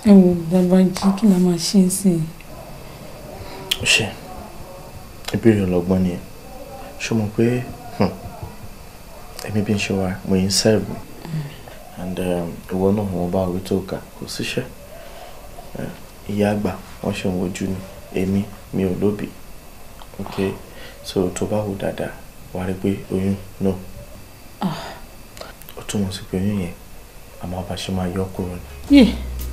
ẹ wo bàbá jí kí màmá ṣe é sí i. ṣe ìbéèrè ọlọ́gbọ́n nìyẹn ṣé mo pé èmi hmm, bí ń ṣe wá mo yín sẹ́ẹ̀bù and um, ìwọ náà wọn bá orí tó kà kò síṣẹ́ ìyá àgbà wọ́n ṣe ń wojú ni èmi mi ò lóbi okay so tó bá wò dáadáa wà á rí pé oyún no ah. ó túmọ̀ sí pé oyún yẹn àmọ́ bá ṣe máa yọ kúrò ni. yé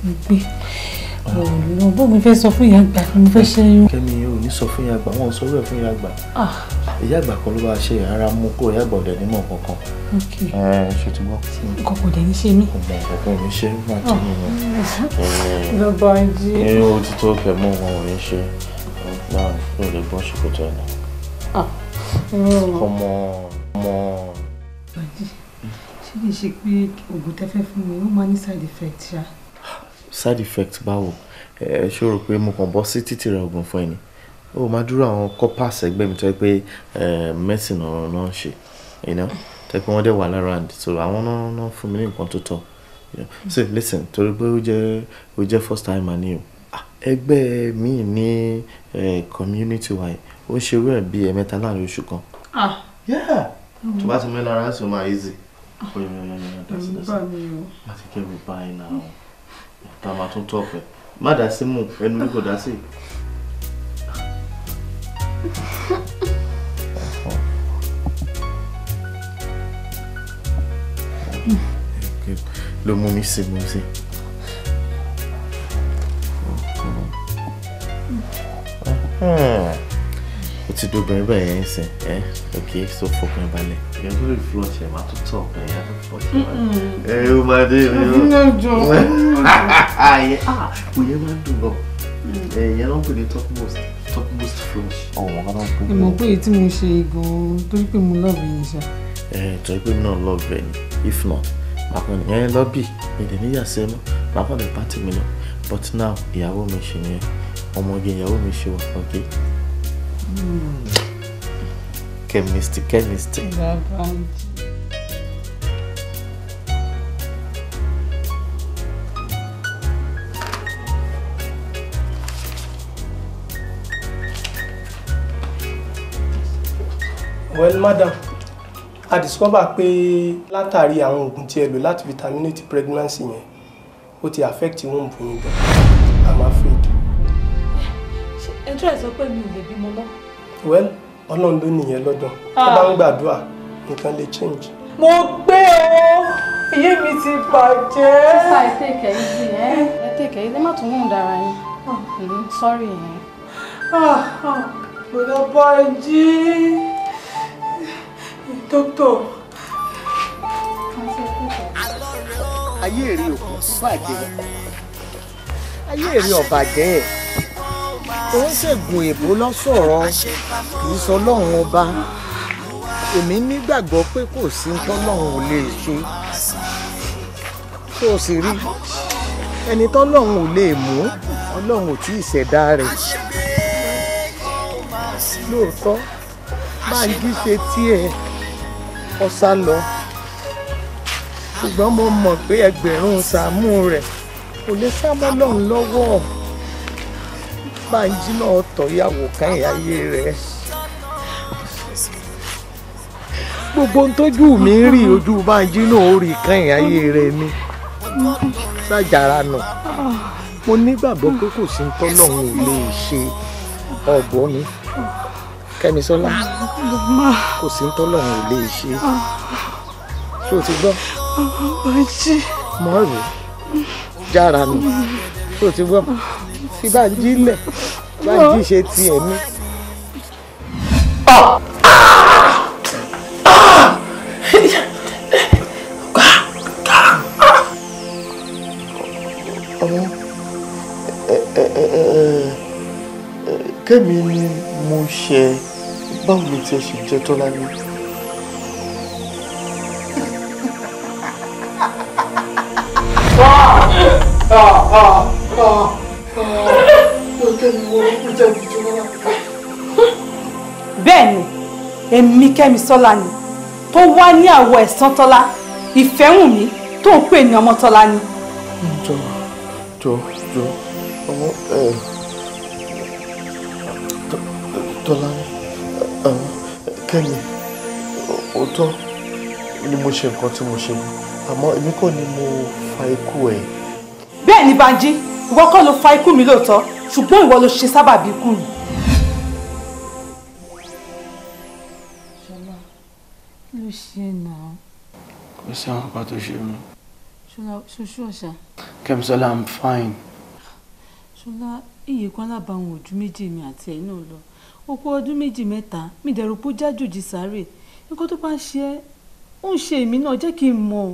mo gbé ọ̀nà bó mi fẹ́ sọ fún ìyá àgbà mo fẹ́ ṣe yún. kẹ́mi ò ní sọ fún ìyá àgbà wọn ò sọ wẹ̀ fún ìyá àgbà ah. ìyá àgbà kan ló bá ṣe ara mú kó ìyá àgbà ọ̀dẹ̀ nímọ̀ kankan. ẹ ẹ ṣe ti gbọ́. nǹkan kò dẹ̀ ní ṣe mí. ọmọ nǹkan kò ní ṣe máa tó ní wọn. lọ́ba jí. ẹ ó ti tó kẹ̀ mọ́ wọn ò ní ṣe. náà ó lè gbọ́ ṣòkòtò ẹ̀ náà. Come on, come on. ṣe pé she quit. fún mi ó máa ní side effect ṣá. side effects, báwo ẹ ṣó rò pé mo kàn bọ́ sí títì rẹ oògùn fún ẹ ni ó máa dúró medicine or no she, you know? Take one day while around. and so àwọn náà fún mi ní nǹkan tó tọ́ so listen torí pé ó jẹ́ ó jẹ́ first time àní o egbe ah, me ni community wide ó ṣerú ẹ̀ bíi ẹ̀mẹ́ta láàrin oṣù kan. Ah. Mm. tó bá ti mẹ́ lára ṣe máa easy. oye oye oye dasi dasi má ti kẹ́ mi báyìí náà ta ma tún tọ̀ pẹ́ má dá sí mú ẹnu mi kò dá sí. ló mú mi sí mú mi sí. Hmm o ti dobìnrin bẹ́ẹ̀ yẹn sìn ẹ́ ok so fọkàn balẹ̀. ẹ ń rí flush ẹ̀ máa tún tọ̀ ọ̀kan ẹ̀ á tún pọ̀ sí i. ẹ o máa dé mi o. ẹ jọ ẹ yẹ ah òye ah, máa ń dùn gan. Mm. ẹ yẹn ló ń pè ní topmost topmost flush. ọ̀wọ́n kan náà ń pè é. ìmọ̀ pé èyí tí mo ṣe gan-an torí pé mo lọ́ọ̀bù yìí ṣá. ẹ torí pé mi náà lọ́ọ̀bù ẹ if not màá kàn ní ẹ lọ́ọ̀bì mi dẹ̀ níyàsẹ́ mọ́ màá kàn ní pátì mi lọ but now ìyàwó mi ṣe nìyẹn ọmọge ìyàwó mi ṣe wà okay chemistry chemistry. well madam I discovered pé látàrí àwọn oògùn tí ẹ lò láti fi terminate pregnancy yẹn ó ti affect womb yín gan a máa fi tó ẹ̀ sọ pé mi ò lè bímọ mọ́. well ọlọ́run ló nìyẹn lọ́dọ̀ tó bá ń ah. gbàdúrà nǹkan lè change. mo gbé o iye mi ti bàjẹ́. sísá ẹ tèkẹ́ yìí ẹ ẹ tèkẹ́ yìí ẹ má tún mú dára yín sọ́rí yẹn. gbọ́dọ̀ bọ́ ẹ jí dókítà. ayé èrè òkú fún àjẹwò ayé èrè ọ̀bàjẹ́ ẹ̀ tó ń ṣègùn èbó lọ́sọ̀rọ̀ kì sọ ọlọ́run ọba èmi nígbàgbọ́ pé kò sí tọ́lọ́run ò lè ṣe tó o sì rí ẹni tọ́lọ́run ò lè mú ọlọ́run ò tí ì ṣẹ̀dá rẹ̀ lóòótọ́ báńkì ṣe tiẹ̀ ọ̀sá lọ ṣùgbọ́n mo mọ̀ pé ẹgbẹ̀rún sàmú rẹ̀ kò lè sá mọ́ lọ́run lọ́wọ́. Bánjí náà tọ̀ ìyàwó káyìn ayé rẹ̀. Gbogbo ohun tójú mi ń rí ojú Bánjí náà ó rí káyìn ayé rẹ̀ ni. Sájàra nù. Mo nígbàgbọ́ pé kò sí tọ́lọ́run ò lè ṣe ọ̀bọ mi. Kẹ́misọ́lá kò sí tọ́lọ́run ò lè ṣe. Ṣé o ti gbọ́? Bánjí. Mọ̀ọ́rù jára nù. Ṣé o ti gbọ́? fi bàǹjí lẹ̀ bàǹjí ṣe tiẹ̀ ní. kẹ́mi ni mo ṣe báwo ni tiẹ̀ ṣe jẹ́ tọ́lá ní. Ah! Ah! Ah! bẹ́ẹ̀ ni èmi kẹ́mi sọ́lá ni tó wá ní àwọ̀ ẹ̀sán tọ́lá ìfẹ́ wù mí tó ń pè ní ọmọ tọ́lá ni. jọ jọ jọ ọmọ ẹ tọ́lá kẹ́mi òótọ́ ni mo ṣe nǹkan tí mo ṣe àmọ́ èmi kọ́ ni mo fa ikú ẹ̀. bẹ́ẹ̀ ni Banji ìwọ ló fa ikú mi lóòótọ́ ṣùgbọ́n ìwọ ló ṣe sábàbí ikú mi. ṣọlá kí ló ṣe náà. kò sí àwọn kan tó ṣe mí. ṣọlá ṣoṣù ọ̀ṣà. kẹ́misọ́lá i'm fine. ṣọlá iye kan lábàáwọn ojú méjì mi àti ẹ̀ náà lọ òpó ọdún méjì mẹ́ta mi dẹ̀rù pé ó jájòjì sáré nǹkan tó bá ń ṣe ẹ́ ó ń ṣe èmi náà jẹ́ kí n mọ̀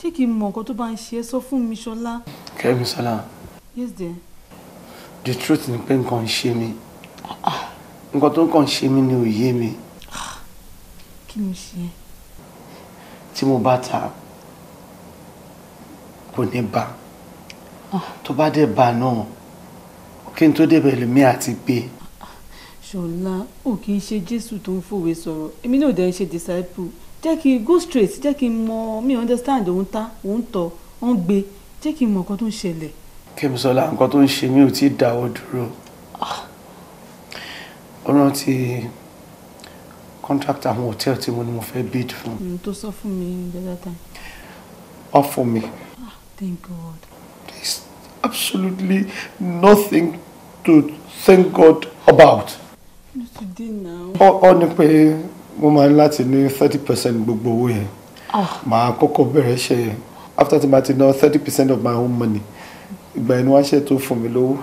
jẹ́ kí n mọ̀ nǹkan tó bá ń ṣe sọ fún mi ṣọlá. kẹ́misọ́lá. yes dear the truth ni pé nǹkan ń ṣe mí nǹkan tó kàn ń ṣe mí ni ò yé mi. kí ni ṣe. tí mo bá ta kò ní bá tó bá dé bá náà kí n tó débẹ̀ lèmi àti gbé. ṣọlá ò kì í ṣe jésù tó ń fòwe sọ̀rọ̀ èmi náà ò dẹ̀ ṣe disciple jẹ́ kí n go straight jẹ́ kí n mọ mi understand òun ta òun tọ̀ òun gbé jẹ́ kí n mọ nǹkan tó ń ṣẹlẹ̀. Kẹ́misọ́lá nǹkan tó ń ṣe mí ò tí ì dáwọ́ dúró ah. ó rántí contract àwọn hòtẹ́ẹ̀lì tí mo ni mo fẹ́ bid fún. Mm, tó sọ fún mi the other time. offer me. ah thank God. there is absolutely nothing to thank God about. no today now. ó ní pé mo máa ń láti ní thirty percent gbogbo owó yẹn. Ah. màá kọ́kọ́ bẹ̀rẹ̀ ṣe after tí màá ti ná thirty percent of my own money ìgbà ẹni wá ṣe tó fún mi lówó.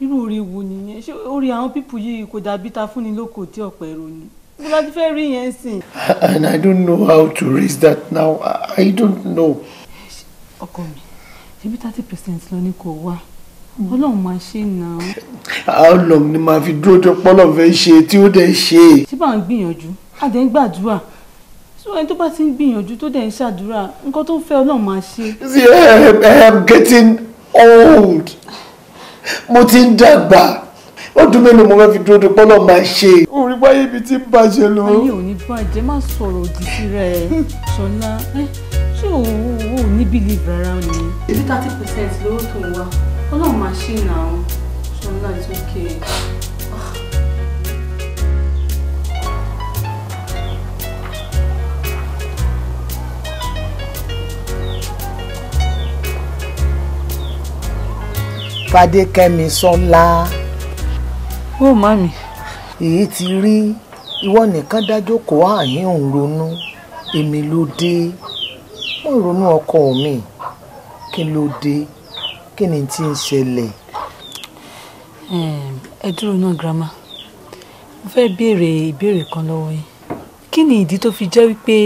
irú orí wo nìyẹn ṣé orí àwọn pípù yìí kò dàbí ta fúnni lóko tí ọ̀pọ̀ ẹ̀rọ ni mo bá ti fẹ́ rí yẹn sìn. and i don't know how to raise that now i don't know. ọkọ mi ṣebí thirty percent lọ ní kò wá ọlọ́run máa ṣe náà. how long ni màá fi dúró tó pọ́lọ̀ fẹ́ ṣe tí ó dẹ̀ ṣe. ṣé bá ń gbìyànjú adé ń gbàdúrà so ẹni tó bá ti ń gbìyànjú tó dẹ̀ ń ṣàdúrà nǹkan tó fẹ́ ọlọ́run máa ṣe. see i am getting old mo ti ń dàgbà ọdún mélòó mo fẹ́ fi dúró de pọ́lọ́ máa ṣe. orí wáyé ibi tí ń bàjẹ́ lọ. ayé ò ní bàjẹ́ má sọ̀rọ̀ òdì sí rẹ̀ ṣọlá ṣé òun ò ní bílíìfù rárá ni. ibi thirty percent lówó tó ń wá ọlọ́run máa ṣì nà án ṣọlá it's okay. fadékẹ́mi sọ́lá. ó màmí. èyí ti rí ìwọ nìkan dájókòó àyín òun ronú èmi ló dé mo ronú ọkọ mi kí ló dé kí ni tí ń ṣẹlẹ̀. ẹ dúró náà girama mo fẹ́ béèrè ìbéèrè kan lọ́wọ́ yín kí ni ìdí tó fi jẹ́ wípé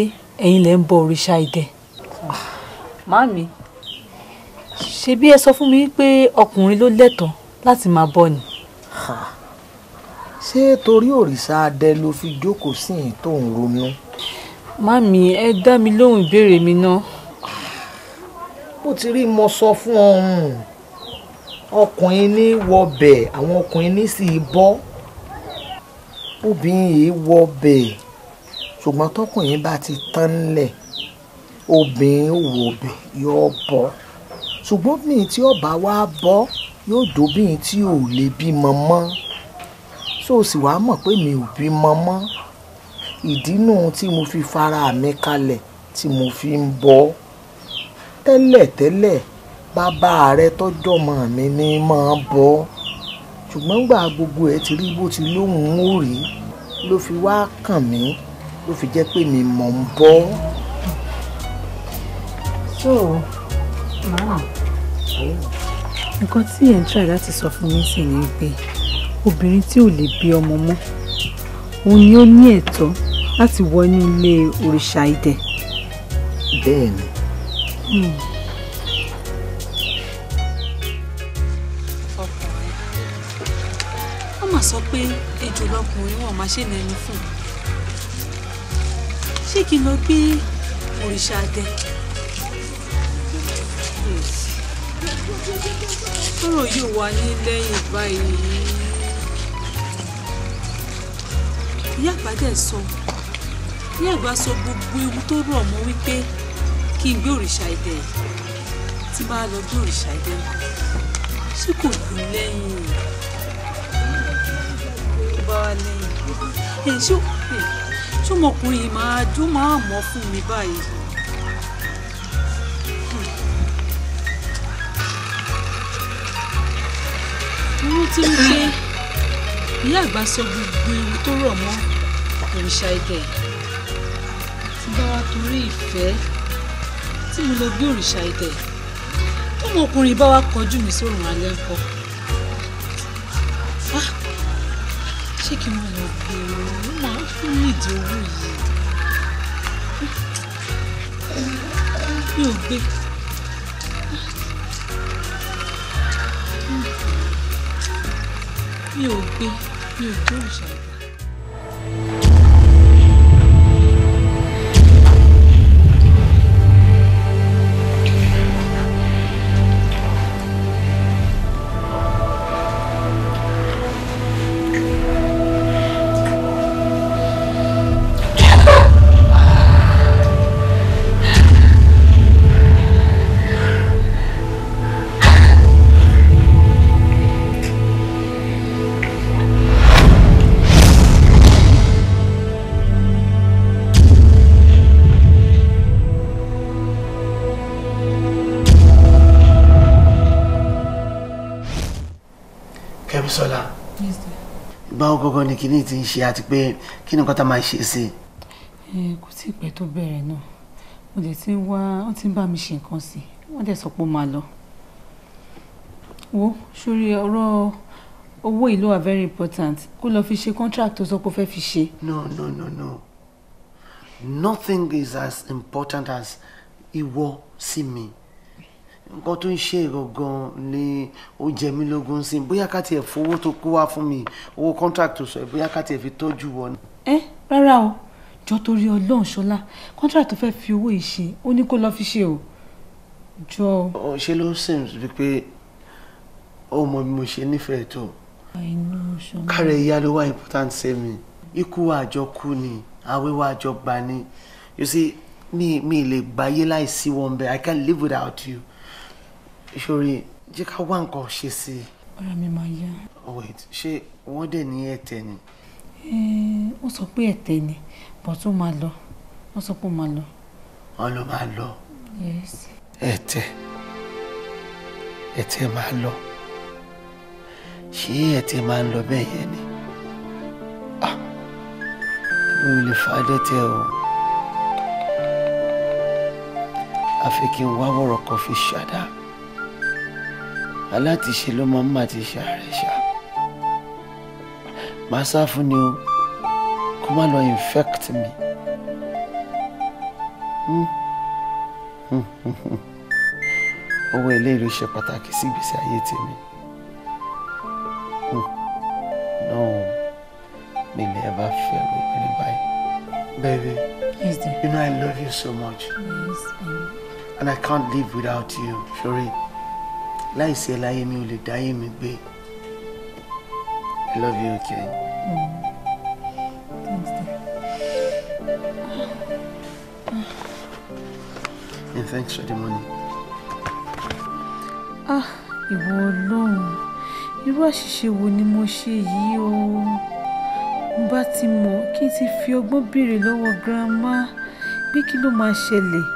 ẹ̀yin lẹ ń bọ òrìṣà idẹ. màmí ṣebí ẹ sọ fún mi pé ọkùnrin ló lẹ́tọ̀ọ́ láti máa bọ ni. ṣé torí òrìṣà adẹ ló fi jókòó sí yìí tó ń ronú. mami ẹ dá mi lóhùn ìbéèrè mi náà. bó ti rí mo sọ fún ọrùn hmm. ọkùnrin ní wọbẹ̀ àwọn ọkùnrin ní sì bọ́ obìnrin yìí wọbẹ̀ ṣùgbọ́n tọkùnrin bá ti tán lẹ̀ obìnrin wọbẹ̀ yóò bọ́ ṣùgbọ́n obìnrin tí ọba wa bọ́ yóò dóbìnrin tí ò lè bímọ mọ́ so sì wàá mọ̀ pé mi ò bímọ mọ́ ìdínú tí mo fi fara mi kalẹ̀ tí mo fi ń bọ́ tẹ́lẹ̀tẹ́lẹ̀ bàbá rẹ tọ́jọ́ mọ̀ mi ní máa bọ́ ṣùgbọ́n gbà gbogbo ẹ̀ ti rí bó ti lóhùn ó rí ló fi wá kàn mí ló fi jẹ́ pé mi mọ̀ ń bọ́. so nǹkan tí ẹ̀ ń try láti sọ fún mi sì ni pé obìnrin tí ò lè bí ọmọ mọ́ òun ni ó ní ẹ̀tọ́ láti wọ inú ilé òrìṣà idẹ. bẹ́ẹ̀ ni. ọkùnrin hmm. wọ́n máa sọ pé ejò lọkùnrin wọn máa ṣe lẹ́nu fún ṣé kí n lọ gbé òrìṣà idẹ. tọ́rọ̀ yóò wá ní lẹ́yìn báyìí ìyá àgbà dẹ̀ sọ ìyá àgbà sọ gbogbo ewu tó rọ̀ mọ́ wípé kí n gbé òrìṣà idẹ tí bá lọ gbé òrìṣà idẹ ṣé kò kú lẹ́yìn tó bá wá lẹ́yìn ẹ̀ ṣé ọmọkùnrin yìí máa dún máa mọ́ fún mi báyìí. ti ń ṣe ìyá àgbà sọ gbogbo ewu tó rọ̀ mọ́ òrìṣà Ẹ̀kẹ tí bá wa torí ìfẹ́ tí mo lọ bí òrìṣà Ẹ̀kẹ tọmọ ọkùnrin bá wa kọjú mi sórùn alẹ́ ńkọ́ ah! ṣé kí n mọ̀ lọ bí o e? máa fún mi ìdí owó yìí mi ò gbé. 又逼，又多少？ni kíní ti ń ṣe àti pé kí ni tá máa ṣe sí i. kò tí ì pẹ́ tó bẹ̀rẹ̀ náà mo dẹ̀ ti wá wọ́n ti ń bá mi ṣe nǹkan sí i wọ́n dẹ̀ sọ pé ó máa lọ. wo sórí ọ̀rọ̀ owó yìí ló wà very important kó lọ fi ṣe contract tó sọ pé ó fẹ́ fi ṣe. no no no no nothing is as important as ìwọ sí mi. Si nǹkan tó ń ṣe gangan ni ó jẹ mí lógún sí bóyá ká tiẹ̀ fowó tó kó wá fún mi owó contract tó sọ ẹ bóyá ká tiẹ̀ fi tọ́jú wọn. ẹ rárá o jọ torí Ọlọ́run ṣọlá contract tó fẹ́ fi owó yìí ṣe ó ní kó lọ́ọ́ fi ṣe o jọ. ṣé ló sìn wípé ó mọ bí mo ṣe nífẹ̀ẹ́ tó kárẹ̀ ìyá ló wá important sí mi ikú àjọkú ni àwíwá àjọgbà ni you see mi mi lè gbáyé láì sí wọn bẹ́ẹ̀ i can't live without you ìṣòro jẹ́ ká wá nǹkan ṣe sí i. ara mi máa yá. Oh, wait ṣé wọ́n dẹ̀ ní ẹ̀tẹ̀ ni. Eh, wọ́n sọ pé ẹ̀tẹ̀ ni but ó máa lọ wọ́n sọ pé ó máa lọ. wọ́n ló máa lọ. yes. ẹ̀tẹ̀ ẹ̀tẹ̀ máa lọ ṣé ẹ̀tẹ̀ máa ń lọ bẹ́ẹ̀ yẹn ni. ah mi ò lè fa adẹ́tẹ̀ o. àfi kí n wá wọ̀rọ̀ kan fi ṣàdá alátiṣe ló máa ń má ti ṣàárẹ̀ ṣá màá sá fún ni o kó má lọ infect mi. owó ilé ìlú ṣe pàtàkì sí ìgbésí ayé tèmi náà mi lè bá fẹ́ lóbìnrin báyìí. baby yes, you know i love you so much yes, and i can't live without you sori. Sure láìsí ẹ láyé mi ò lè dáyé mi gbé I love you okay. Mm. Thanks, dear. And thanks for the money. Ah, ìwọ Ọlọ́run, irú àṣìṣe wo ni mo ṣe yìí o? Mo bá ti mọ̀ kí n ti fi ọgbọ́n béèrè lọ́wọ́ girama pé kí ló máa ṣẹlẹ̀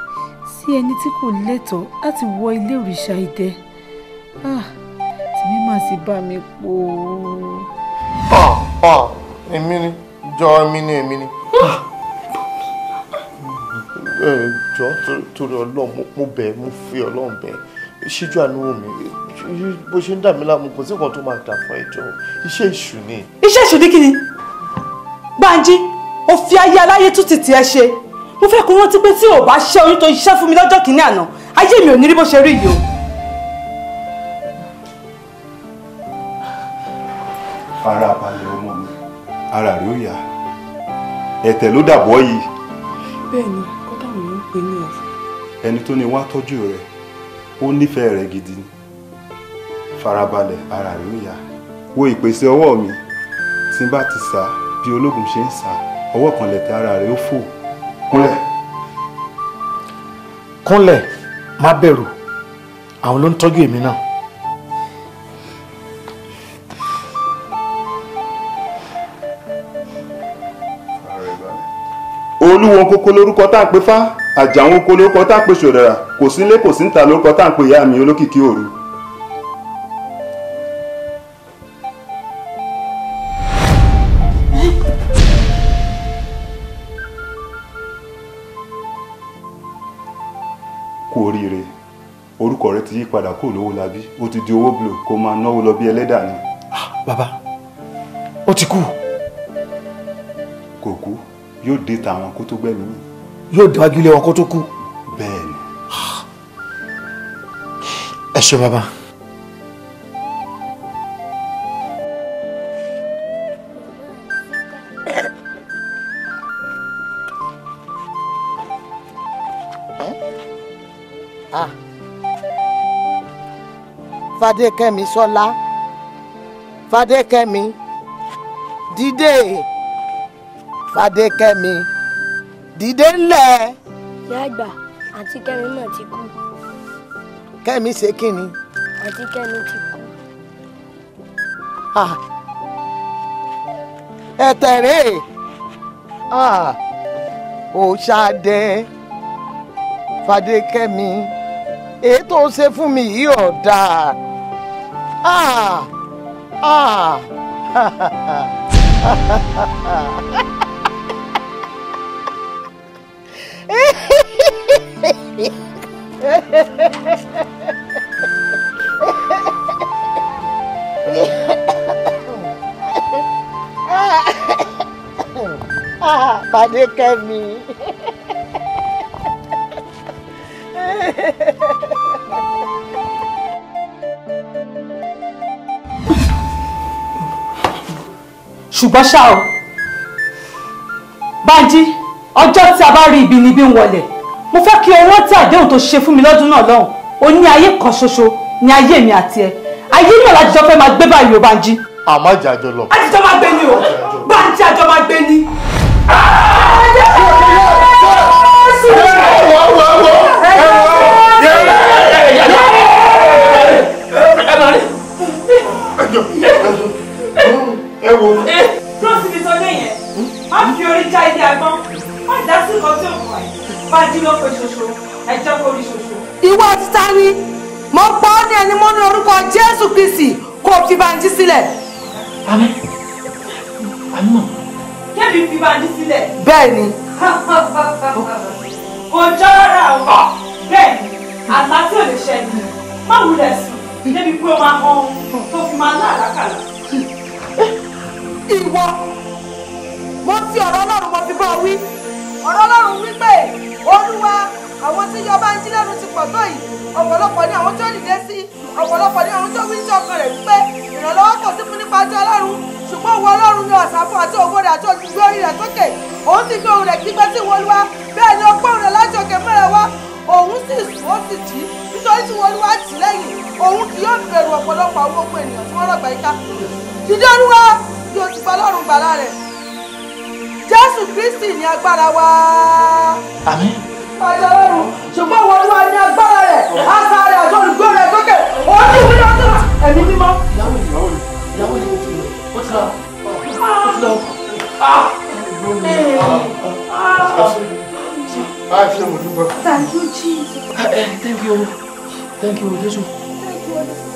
sí ẹni tí kò lẹ́tọ̀ọ́ láti wọ ilé òrìṣà idẹ. Ah, tèmi mà sí bá mi pò ó. ọ̀ èmi ni jọ èmi ni èmi ni. ẹ ah. eh, jọ torí Ọlọ́run mo bẹ̀ mo fi Ọlọ́run bẹ̀ ṣíjú àánú mi bó ṣe ń dà mí láàmú kò sí nǹkan tó máa dà fún ẹjọ́ iṣẹ́ èṣù ni. iṣẹ́ èṣù ni kí ni Bánjí ó fi ayé aláyé tún ti tiẹ̀ ṣe mo fẹ́ kó rántí pé tí ò bá ṣẹ́ oyún tó ṣiṣẹ́ fún mi lọ́jọ́ kìíní àná ayé mi ò ní rí bó ṣe rí yìí o. farabalẹ̀ ọmọ mi ara rẹ̀ ó yá ẹ̀tẹ̀ ló dàbọ̀ yìí. bẹ́ẹ̀ni kódà mi ń pè ní ọfọ. ẹni tó ní wá tọ́jú rẹ̀ ó nífẹ̀ẹ́ rẹ̀ gidi ni farabalẹ̀ ara rẹ̀ ó yá wo ìpèsè ọwọ́ mi tí n bá ti sá bí ológun ṣe ń sá ọwọ́ kan lẹ̀tẹ̀ ara rẹ̀ ó fò kúnlẹ̀. kúnlẹ̀ má bẹ̀rù àwọn ló ń tọ́jú èmi náà. kókó lórúkọ tá à ń pe fá àjàwọn oko lórúkọ tá à ń pe ṣòdàrà kò sí nílé kò sí níta lórúkọ tá à ń pe ìyá mi olókìkí òru. kú oríire orúkọ rẹ ti yí padà kó lówó labí ó ti di owó blo kó máa náwó lọ bí ẹlẹ́dà ni. Ah, bàbá ó ti kú. kò kú yóò dé tàwọn kó tó gbẹ̀mí mi. yóò dájú lé wọn kó tó kú. bẹ́ẹ̀ ni. ẹ ṣe bàbá. Ah. fadékẹ́mi sọlá fadékẹ́mi dìde. So fadékẹ́mi dìde ńlẹ̀. ìyá àgbà àti kẹ́mi náà ti kú. kẹ́mi ṣe kí ni. àti kẹ́mi ti kú. Ah. ẹ tẹ̀lé ah. ò ṣáadé fadékẹ́mi èyí tó ṣe fún mi yìí ò Ah! Ah! Ha ha ha ha ha ha ha ha! pàdé kẹ́mi. ṣùgbọ́n ṣá o Bánjí ọjọ́ tí a bá rí ibi níbi ń wọlẹ̀ mo fẹ́ kí o rántí àdéhùn tó ṣe fún mi lọ́dún náà lọ́hùn o ní ayé kan ṣoṣo ní ayé mi àti ẹ ayé náà lájọ fẹ́ máa gbé báyìí o Bánjí. àmọ́ ìjà àjọ lọ. àjọ máa gbé ni o Bánjí àjọ máa gbé ni. ẹ wo. ẹ tó sì fi sọ lẹ́yìn ẹ má fi orí já ilé agbọ́n dásí kan tí ò kọ ẹ bá jí ló pe ṣoṣo ẹ jẹ́ kó rí ṣoṣo. ìwọ ti ta ni mo pọ́ ní ẹni mọ́ ní orúkọ Jésù Kristi kó o fi banjí sílẹ̀. àmín àmín mọ̀. kébì fi banjí sílẹ̀. bẹ́ẹ̀ ni. kò jọra ọ̀ bẹ́ẹ̀ ni àlá tí ò lè ṣẹ́ni má wulẹ̀ sùn débi pé o máa hàn tó fi máa láàlákàlà. ìwọ mo ti ọ̀rọ̀ Ọlọ́run mo fi bá ọ wí ọ̀rọ̀ ọlọ́run wípé olúwa àwọn tí yọba ń jí lẹ́nu ti pọ̀ tó yìí ọ̀pọ̀lọpọ̀ ni àwọn tó dìde sí ọ̀pọ̀lọpọ̀ ni àwọn tó wí sí ọkàn rẹ̀ wípé ìrànlọ́wọ́ kò sí fún nípa ti ọlọ́run ṣùgbọ́n òun ọlọ́run ni ọ̀sà fún àti ògo rẹ̀ àti òṣìṣẹ́ orí rẹ̀ sókè òun ti gbé ohùn rẹ̀ gbígbẹ́ sí wọlúwa bẹ́ẹ̀ ni ọgbọ́n rẹ̀ láti òkè mẹ́rẹ̀ wá òun sì ó sì jí nítorí tí wọlúwa tì lẹ́yìn òun kì yóò bẹ̀rù ọ̀pọ̀lọpọ̀ àwọn ogun ènìyàn tí wọ́n rọ̀gbà yíká ìdí yóò ti bọ́ ọlọ́run gbàlá rẹ̀ jésù kristi ni agbára wa. àmín. ọjọ́ lọ́run ṣùgbọ́n wọn wá ní agbára rẹ̀ àṣà rẹ̀ àti olùgbọ́ rẹ̀ sókè òun ní ìwé ọdún ẹ̀mí mímọ́. ìyàwó ìyàwó ìyàwó ìyàwó ti lọ ó ti lọ ó ti lọ. Ah, ah! ah! ah! thank you, Jesus. Eh, thank you. Thank you, Jesus. Thank you, Jesus.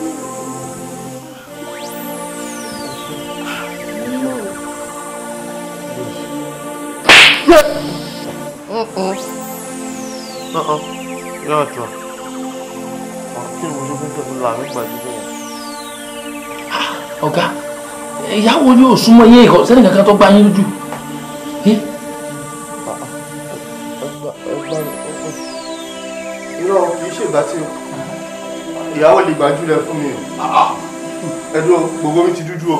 ya ṣe. yóò jọ kí ni mo ṣe fún tẹ̀sán làwọn ìgbà jíjẹ yẹn. ọ̀gá ìyàwó yóò súnmọ́ iye ìkọ̀ sẹ́ni kankan tó gbá yín lójú. irọ́ kì í ṣègbà tí ìyàwó lè gbàjúlẹ̀ fún mi o ẹ̀dùn gbogbo mi ti dúdú o.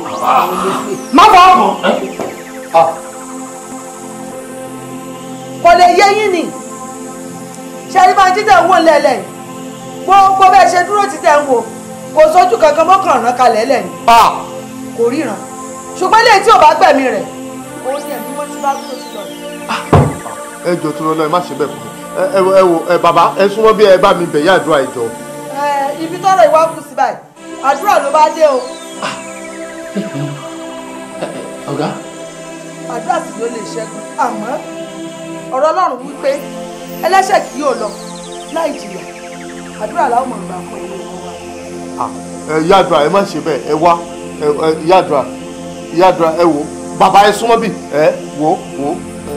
má bọ̀ ọ́ ah! bọ̀ kò lè yé yín ni ṣẹ́rí máa títẹ̀ ń wò lẹ́lẹ̀ gbogbo bẹ́ẹ̀ ṣe dúró títẹ̀ ń wò kò sójú kankan mọ́kàn ràn kalẹ̀ lẹ́nu kò ríran ṣùgbọ́n lè tí ò bá gbẹ̀mí rẹ̀ òun ni ẹ̀mí wọ́n ti bá tó ti lọ. ẹ jọ tó lọ ẹ má ṣe bẹ́ẹ̀ fún mi ẹ wo ẹ bàbá ẹ súnmọ́ bí ẹ bá mi bẹ̀ yá àdúrà ìjọ. ibi tọrọ ìwà kù sí báyìí àdúrà ló bá dé o. ọ̀gá. àdúrà sì ló lè ṣẹ́gun àmọ́ ọ̀rọ̀ ọlọ́run wípé ẹlẹ́ṣẹ̀ kì yóò lọ láì jìyà àdúrà làwọn mọ̀ gbà fún ẹ̀yìn ọmọ wa. ẹ yàdùà ẹ má ṣe bẹ́ẹ̀ ẹ wá ẹ yàdùà yàdùà ẹ wò bàbá ẹ súnmọ́ bì ẹ wò wò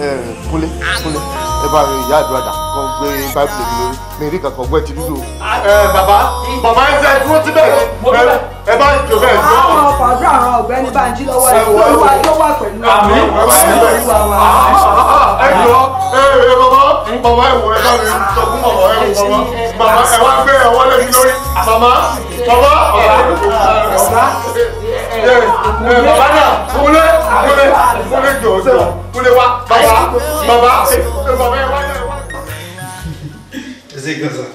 ẹ kúnlé kúnlé ẹ bá yàdùà dà gbé báìbù oh lèmi lórí mi rí kankan gbọ́ ẹ ti dúdú. ẹ bàbá bàbá ẹ jẹ dúró ti bẹ́ẹ̀ ẹ bá jò bẹ́ẹ̀ jọ. àwọn fàdúrà àwọn ọ̀gbẹ́ni Bánjí lọ́wọ́ ẹ lọ́wọ́ ẹ lọ́wọ́ pẹ̀lú àmì olúwa wa. ẹ jọ ẹ ẹ bàbá bàbá ẹ wọ ẹ bá mi sọ fún bàbá ẹ wọ bàbá bàbá ẹ wá gbé ẹ wọlé mi lórí bàbá bàbá bàbá náà kúlẹ̀ kúlẹ̀ kúlẹ̀ jọ̀ọ́ jọ̀ọ́ kúlẹ̀ wá bàbá bàbá bàbá ẹ wá jọ. zigzag.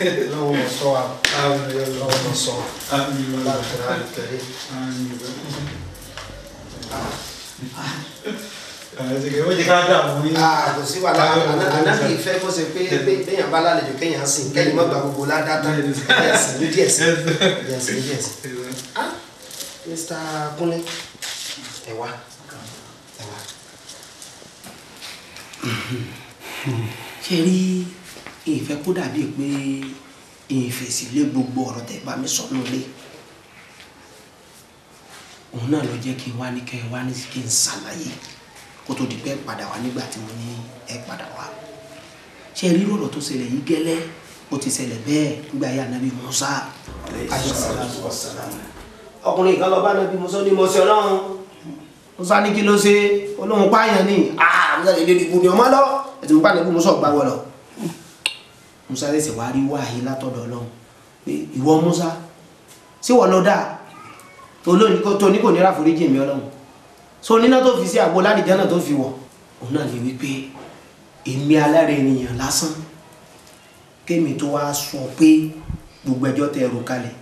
اللهم صل على آمين اللهم صل آمين بارك على الكريم آمين Ah, kò ah. É ah, é ah você ànábì ìfẹ́ kó ṣe pé béèyàn você lálejò kéèyàn á sìn kẹ́yìn mọ́gbà gbogbo ládàtà yẹ̀sì ní díẹ̀ sí yẹ̀sì ní díẹ̀ sí. Mr. Kúnlé ah wá ẹ wá. ṣe rí ìfẹ́ kó dàbí pé ìfèsìlé gbogbo ọ̀rọ̀ tẹ́ bá mi sọnù lé òun náà ló jẹ́ kí n wá ní kẹ́ ẹ wá ní kí n ṣàlàyé kó tó di pé ẹ padà wá nígbà tí mo ní ẹ padà wá ṣe rí lọ́rọ̀ tó ṣẹlẹ̀ yìí gẹ́lẹ́ ó ti ṣẹlẹ̀ bẹ́ẹ̀ nígbà yà nàbí Musa ọkùnrin kan lọ bá nàbí Musa ní mọ̀ọ́sẹ̀ ọlọ́run Musa ní kí ló ṣe olóhùn pààyàn ní àà Musa lè dé ibùdó ọmọ lọ ẹ̀tì mú pàdé gbogbo sọ̀gbà wọ̀lọ̀ Musa lè ṣèwà rí wáyé látọ̀dọ̀ Ọlọ́run pé ìwọ Musa sí wọ́n lọ dáa tó ní kò nira foríjì èmi Ọlọ́run so níná tó fi sí àgbo ládìjẹ́ náà tó fi wọ̀ òun náà lè wípé èmi alára ènìyàn lásán kémi tó wá sọ pé gbogbo ẹjọ́ tẹ ẹrù kalẹ̀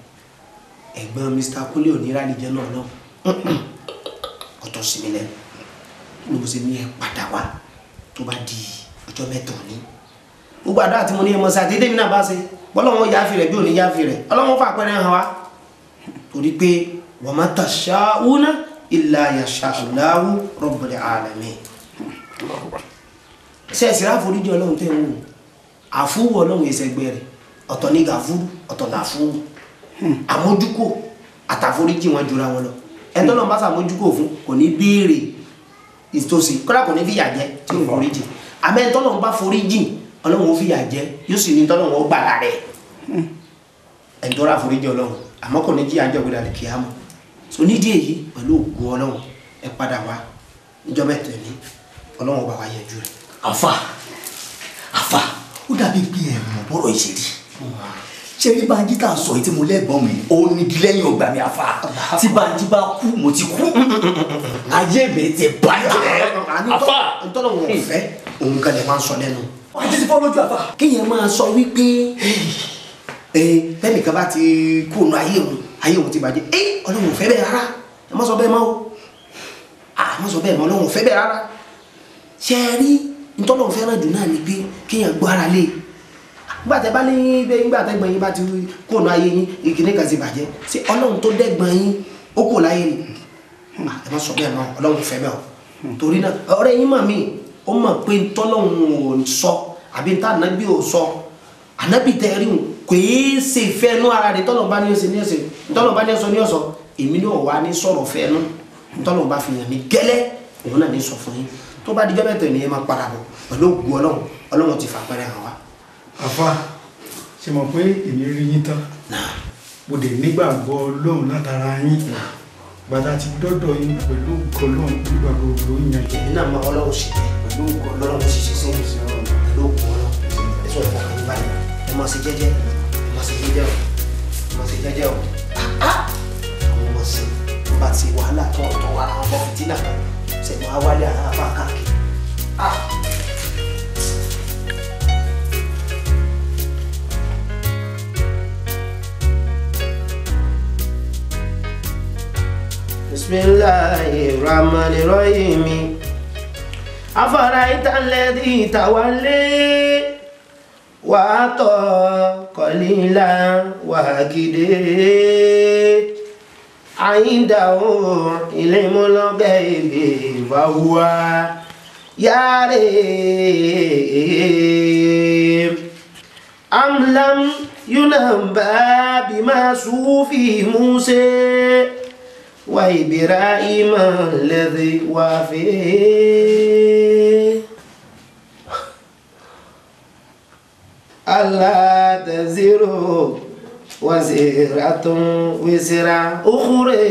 ẹ̀gbọ́n Mr. Kúnlé ò ní náà náà ọ̀tọ̀ sí mi lẹ́nu ló ṣe ní ẹ padà wá tó bá di ọjọ́ mẹ́tọ̀ ni gbogbo àdó àti mo ní ẹmọ sáà dédé mi náà bá ṣe bọ́lọ́wọ́n yáfi rẹ̀ bí òní yáfi rẹ̀ ọlọ́wọ́n fà pẹ́rẹ́ hàn wá torí pé wa ma tasha'una illa yasha'allahu rabbul alamin ṣe ẹ̀sìn àforíjì ọlọ́run tẹ́ ń wò àfúwò ọlọ́run ìṣẹ́gbẹ́ rẹ̀ ọ̀tọ̀ ní gàfúrú ọ̀tọ̀ làfúrú àmójúkò àtàforíjì wọn jura wọn lọ ẹ̀ńtọ́ náà bá sàmójúkò fún kò ní béèrè ìtòsí àmẹ́ tọ́lọ́run bá forí jìn ọlọ́run ó fìyà jẹ yóò sì ní tọ́lọ́run ó gbà lára ẹ̀ ẹni tó rà forí jẹ ọlọ́run àmọ́ kò ní jí àjọ gbọdọ̀ lè kí á mọ̀ so nídìí èyí pẹ̀lú ògo ọlọ́run ẹ padà wá níjọba ẹ̀tọ́ ẹ̀mí ọlọ́run ó bá wa yẹjú rẹ̀. àfà àfà ó dàbí pé ẹ̀ mọ̀ bọ́rọ̀ ìṣèlú ṣé rí Bánjí tá a sọ yìí tí mo lẹ́gbọ́n mi òun ni gilẹ́yìn ọgbà mi àfa tí Bánjí bá kú mo ti kú ayé mi ti bàjẹ́ àfa. ntọ́nà wọn ò fẹ́ òun kan lè máa sọ lẹ́nu. wàá ti fọ́ lójú àfa. kéèyàn máa sọ wípé eh, tẹ́nìkan bá ti kú òun ayé òun ayé òun ti bàjẹ́ ẹ eh, Ọlọ́run ò fẹ́ bẹ́ẹ̀ rárá ẹ má sọ bẹ́ẹ̀ má o a ah, má sọ bẹ́ẹ̀ mọ́ Ọlọ́run ò fẹ́ bẹ́ẹ̀ rárá ṣe é rí ntọ́nà fẹ́ràn jù náà ni pé kéèyàn gbọ́ ara lé e nígbà tẹ́ bá ní bẹ nígbà tẹ́ gbọ̀n yín bá ti kó nu ayé yín ìkíní kan ti bàjẹ́ ṣé ọlọ́run tó dẹ́gbọ̀n yín ó kò láyé ni hmm, ẹ má sọ bẹ́ẹ̀ náà ọlọ́run fẹ́ bẹ́ẹ̀ o hmm. torí náà ọ̀rẹ́ yín mọ̀ mí ó mọ̀ pé tọ́lọ́run ò sọ àbí tá ànábì ò sọ ànábì tẹ́ rí wọn kò í ṣe ìfẹ́ inú ara rẹ̀ tọ́lọ́run bá ní ọ̀sẹ̀ ní ọ̀sẹ̀ tọ́lọ́run bá ní ọ̀sẹ̀ ní ọ̀sọ̀ èmi náà wà ní sọ̀rọ̀ fẹ́ inú tọ́lọ́run bá fi hàn mí gẹ́lẹ́ òun náà ní sọ fún yín tó bá dijọ́ mẹ́tọ̀ ni ẹ máa padà bọ̀ pẹ̀lú ògùn ọlọ́run ọlọ́run ti fà pẹ́rẹ́ hàn wá àfa ṣe mọ̀ pé èmi rí yín tán mo dẹ̀ nígbàgbọ́ lóhùn látara yín gbàdá ti dọ́dọ̀ yín pẹ̀lú nǹkan lóhùn nígbà gbogbo yín yẹn. èmi náà máa ọlọ́wọ́ sí pẹ̀lú nǹkan lọ́rọ̀ mo sì ṣe sí ìṣẹ́ ọ̀rọ̀ pẹ̀lú òkú ọ̀rọ̀ ẹ̀sùn ẹ̀fọ́ kan balẹ̀ ẹ máa ṣe jẹ́jẹ́ ẹ máa ṣe jẹ́jẹ́ o ẹ máa ṣe jẹ́jẹ́ o ah, ah. àwọn ọmọ sí i bá ti wàhálà tó ọ̀tọ̀ wa àwọn ọmọ fìtínà sẹ̀mọ́ awálé àrà àbá káàkiri. Ah. bisimilahi rahmani rahimi afaraita alladhi tawalli wa atọ kọlila wa gide ile ilemọlọgẹ ebe vahuwa yare amlam yunamba bima sufi muse. وإبراهيم الذي وفيه ألا تزر وزيرة وزر أخرى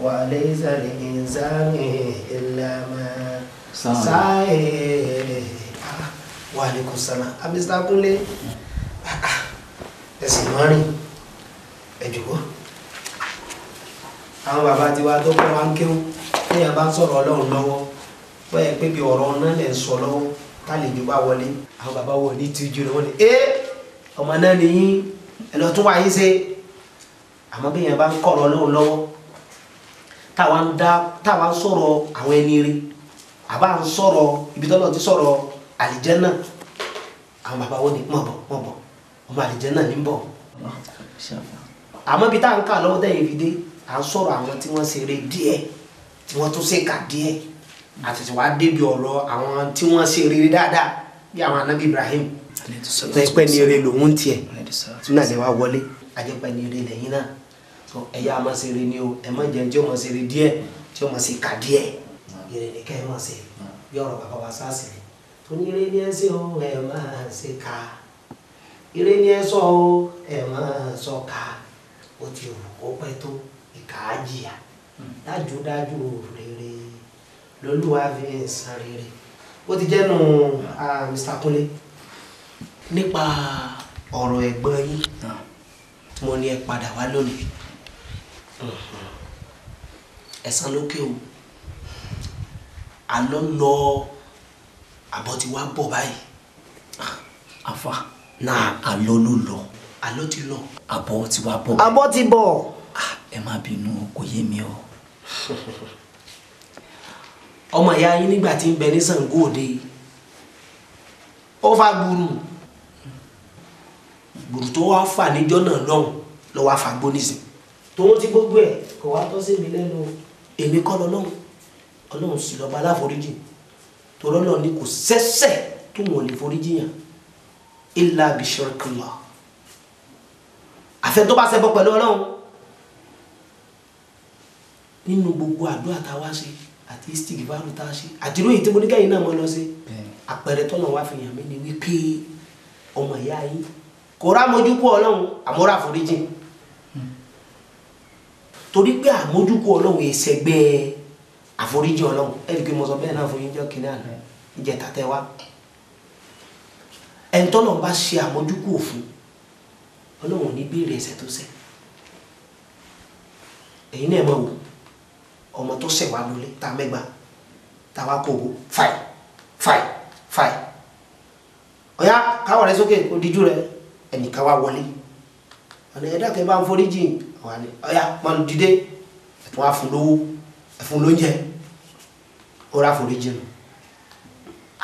وليس للإنسان إلا ما سعى وعليكم السلام أبي استقبل ẹsìn márìn ẹjọ àwọn bàbá tiwa tó kọ́ wa ń kéwù téèyàn bá ń sọ̀rọ̀ ọlọ́run lọ́wọ́ bóyá pé bí ọ̀rọ̀ náà lè sọ lọ́wọ́ tálejò bá wọlé àwọn bàbá wọ ní tìjú rẹ wọ́n ní ẹ ọmọ náà nìyín ẹ lọ tún wá yín ṣe àmọ́ bí èèyàn bá ń kọ̀rọ̀ ọlọ́run lọ́wọ́ táwa ń dá táwa ń sọ̀rọ̀ àwọn ẹni rí àbá ń sọ̀rọ̀ ibi tọ́lọ́ ti sọ̀rọ̀ àlìjẹ́nà àwọn bàbá wọ́n ní mọ̀ bọ̀ mọ̀ bọ̀ ọmọ àlìjẹ́nà ní àmọ́ bí táà ń kà lọ́wọ́ tẹ̀yìn fi dé à ń sọ̀rọ̀ àwọn tí wọ́n ṣeré díẹ̀ tí wọ́n tún ṣèkà díẹ̀ àtẹ̀tẹ̀ wá débi ọ̀rọ̀ àwọn tí wọ́n ṣeré dáadáa bí àwọn anábì Ibrahim tó ẹ pẹ́ ní eré lòun tiẹ̀ náà lè wá wọlé ajẹ́pẹ́ ní eré lẹ́yìn náà tó ẹ̀yà ọmọ ṣeré ni o ẹ̀ mọ̀ jẹ́ tí ọmọ ṣeré díẹ̀ tí ọmọ ṣèkà díẹ̀ eré ni kẹ́ ẹ mọ̀ ṣe bí ọ̀rọ̀ bàbá wa sá sílẹ̀ tó ní ni ẹ ṣe o ẹ máa sọ ká ó ti rò ó pẹ́ tó kàá jìyà dájúdájú rere lolúwa fi ń san rere ó ti jẹ́nu Mr. Kúnlé nípa ọ̀rọ̀ ẹ̀gbọ́n yín ah. mo ní ẹ padà wá lónìí ẹ̀san lókè o àlọ́ lọ àbọ̀ tí wàá bọ̀ báyìí àfa náà àlọ́ ló lọ àlọ́ ti lọ àbọ̀ tí wàá bọ̀. àbọ̀ ti bọ̀. Ah, ẹ má bínú kò yé mi o. ọmọ ìyá yín nígbà tí ń bẹ ní Ṣàngó Òde ó fa gbùrù gbùrù tó wá fà níjọ́ náà lọ́hùn ló wá fa gbóníṣe. tòun ti gbogbo ẹ kò wá tọ́ sí mi lẹ́nu o. èmi kọ́ lọ́lọ́hùn ọlọ́run sì lọ́ba aláforíjì torí ọlọ́run ni kò sẹ́sẹ̀ tó wọ́n lè foríjì yàn ilà bishirikillah àfẹ́ tó bá ṣẹbọ pẹ̀lú ọlọ́run nínú gbogbo àdúrà tá a wá ṣe àti istik báwo tá a ṣe àti ìròyìn tí mo ní káyìn náà mọ lọ sí àpẹẹrẹ tọ́nà wá fi hàn mí ni wípé ọmọ ìyá yín kò rá mojúkú ọlọ́run àmọ́ra àforíjìn hmm. torí pé àmójúkú ọlọ́run èsẹ̀gbẹ́ àforíjìn ọlọ́run ẹ̀rí pé mo sọ bẹ́ẹ̀ náà fún yín jọ́ kínní àná ìjẹta tẹ wá ẹni tọ́nà bá ṣe àmójúkú òfin ọlọ́run ní béèrè ẹ̀ṣẹ̀ tó ṣẹ̀ èyí náà ẹ̀ wò ọmọ tó ṣẹ̀ wá lólé tá a mẹ́gbà tá a wá kó owó fàì fàì fàì ọ̀yá káwọ̀ rẹ sókè ó dijú rẹ ẹnìkan wá wọlé ọ̀nà ẹ̀dá kẹ́ bá ń foríjì ọ̀yá máa dìde ẹ̀tún wá fún lówó ẹ̀fún lóúnjẹ ó rà foríjì nù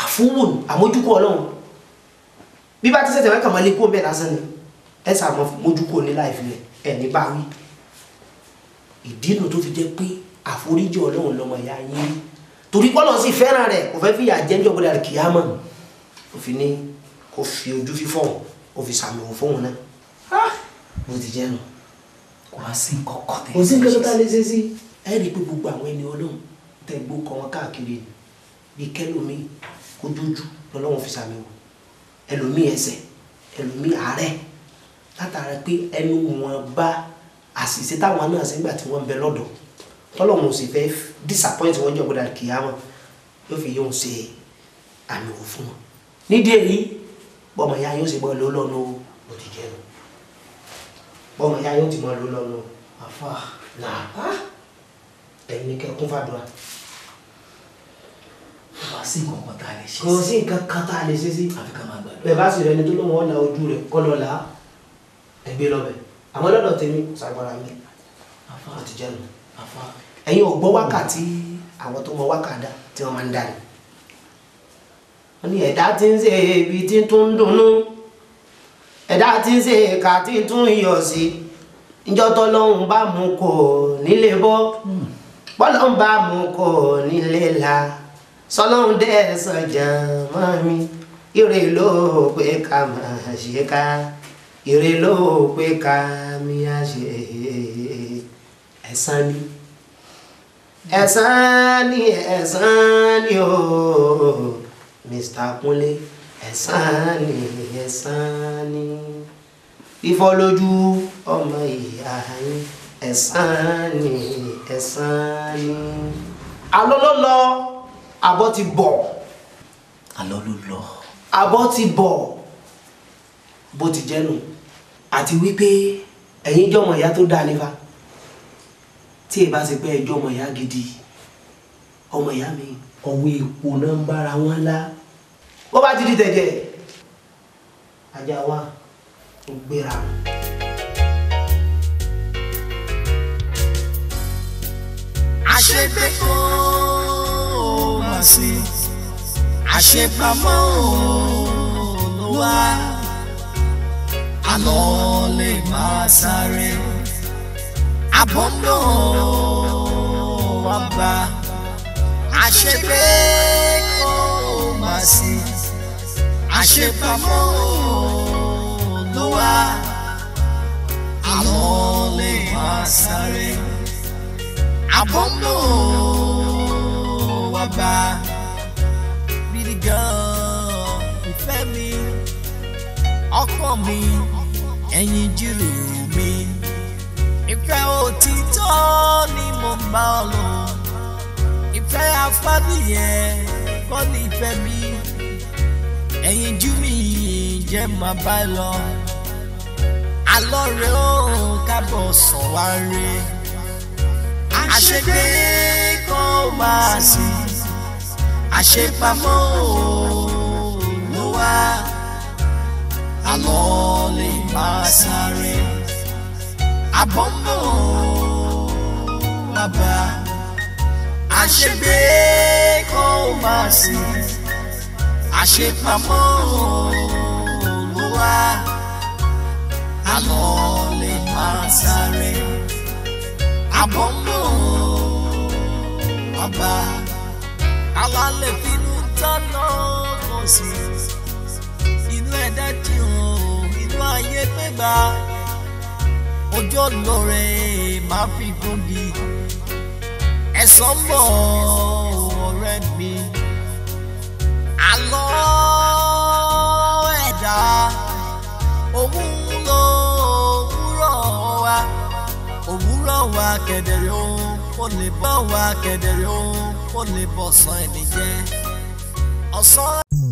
àfúwò àmójúkú ọlọ́run bí bá ti sẹ̀tẹ̀ wẹ́kàn máa lé kó bẹ́ẹ̀ lásán ni ẹ sàmọ́ mójúkú oníláìfilẹ̀ ẹ̀ ní báwí ìdí nù tó fi jẹ́ pé àforíjì ọlọ́run lọ́mọ ìyá yín torí pọ́lọ́ sì fẹ́ràn rẹ̀ kò fẹ́ fi ìyà jẹ́ níjọba àlùkìyàmọ̀ kò fi ní kò fi ojú fífọ́ kò fi sàmìwò fóun náà mo ah! ti jẹ́ nù kò wá sí kọ́kọ́ tẹ̀. kò sí nǹkan tó lè ṣe sí. ẹ rí i pé gbogbo àwọn ẹni ọlọ́run tẹ gbó kọ wọn káàkiri ni bí kẹlòmíì kójoojú lọ́lọ́run fi sàmìwò ẹlòmíì ẹsẹ̀ ẹlòmíì àárẹ̀ látara pé ẹnu wọn bá àṣìṣe táwọn náà ṣe tọ́lọ́hún ò sì fẹ́ disappoint wọn jọ gbọdọ̀ kìyàmọ̀ yóò fi yóò ṣe àmì òwò fún wọn. nídìí èyí bọ́mọ ya yóò ṣe bọ́ ló lọ́nu o ti jẹ́ nu bọ́mọ ya yóò ti mọ́ ló lọ́nu àfa là á ẹ̀yin ní kẹ́kún fàdúrà. kò sí nǹkan kan tá a lè ṣe sí. kò sí nǹkan kan tá a lè ṣe sí. àfi ká máa gbàdúrà. bẹ́ẹ̀ bá sì rẹ ni tó lóun ọ̀la ojú rẹ̀ kọ́ lọ́la ẹgbẹ́ lọ́bẹ̀ àwọn ọlọ́dọ̀ tèmi ṣàgbọ́ra mi àfa àtijọ́ nù ẹ̀yin ò gbọ́ wákàtí àwọn tó mọ wákàdá tí wọ́n máa ń dá ni wọ́n ní ẹ̀dá tí ń ṣe ibi tí ń tún dunnú ẹ̀dá tí ń ṣe ìka tí ń tún iyọ̀ sí ìjọ tọ́lọ́hún bá mú kò nílé bọ́ hmm. bọ́lọ́hún bá mú kò nílé la sọlọ́hún dẹ́ sọ̀jàn mọ́ mi ire ló pé ká máa ṣe ká ire ló pé ká mi á ṣe é ẹ̀san ni ẹ̀san ni Mr. Kúnlé ẹ̀san ni ẹ̀san ni fífọ́ lójú ọmọ ìyá yín ẹ̀san ni ẹ̀san ni alọ́ ló lọ abọ́ ti bọ̀ alọ́ ló lọ abọ́ ti bọ̀ bó ti jẹ́ nù àti wípé ẹ̀yin jọmọ ìyá tó dáa nípa tí ì bá ṣe pé ẹjọ́ ọmọ ìyá gidi ọmọ ìyá mi ọ̀wọ́ èpo náà ń bára wọn lá bó bá ti di tẹ̀jẹ̀ ajá wa ń gbéra. àṣegbé kò mà sí àṣepamọ́ ló wá àlọ́ lè máa sáré àbọ̀nà ọba àṣepé kò má sí àṣepamọ́ ló wá àwọn lè má ifemi, àbọ̀nà ọba ọkọ mi ẹ̀yìn jíròrò mi ìfẹ́ òtítọ́ ni mo bá ọ lò ìfẹ́ afábíyẹn kọ́ ni ìfẹ́ mi ẹ̀yin jú mi yìí jẹ́ máa bá ẹ lọ àlọ́ rẹ̀ ó kábọ̀ sàn wá rẹ̀ àṣegbé kan máa sí àṣepamọ́ ló wá àlọ́ lè máa sáré àbọ̀mọ̀ bàbá àṣegbé kò máa sí àṣepamọ́ ló wá àlọ́ lè máa sáré àbọ̀mọ̀ bàbá alálẹ̀ bínú tọ́nà kò sí inú ẹ̀dá jìnnà inú ayé pé bá ojú ọlọ́rẹ̀ máa fi gbòógì ẹ̀sán bọ̀ ọ̀rẹ́ mi àlọ́ ẹ̀dá òun ló òwúrọ̀ wa òwúrọ̀ wa kẹ̀dẹ̀rẹ̀ o kò lè bọ̀ wa kẹ̀dẹ̀rẹ̀ o kò lè bọ̀ sàn ẹni jẹ́ ọ̀sán.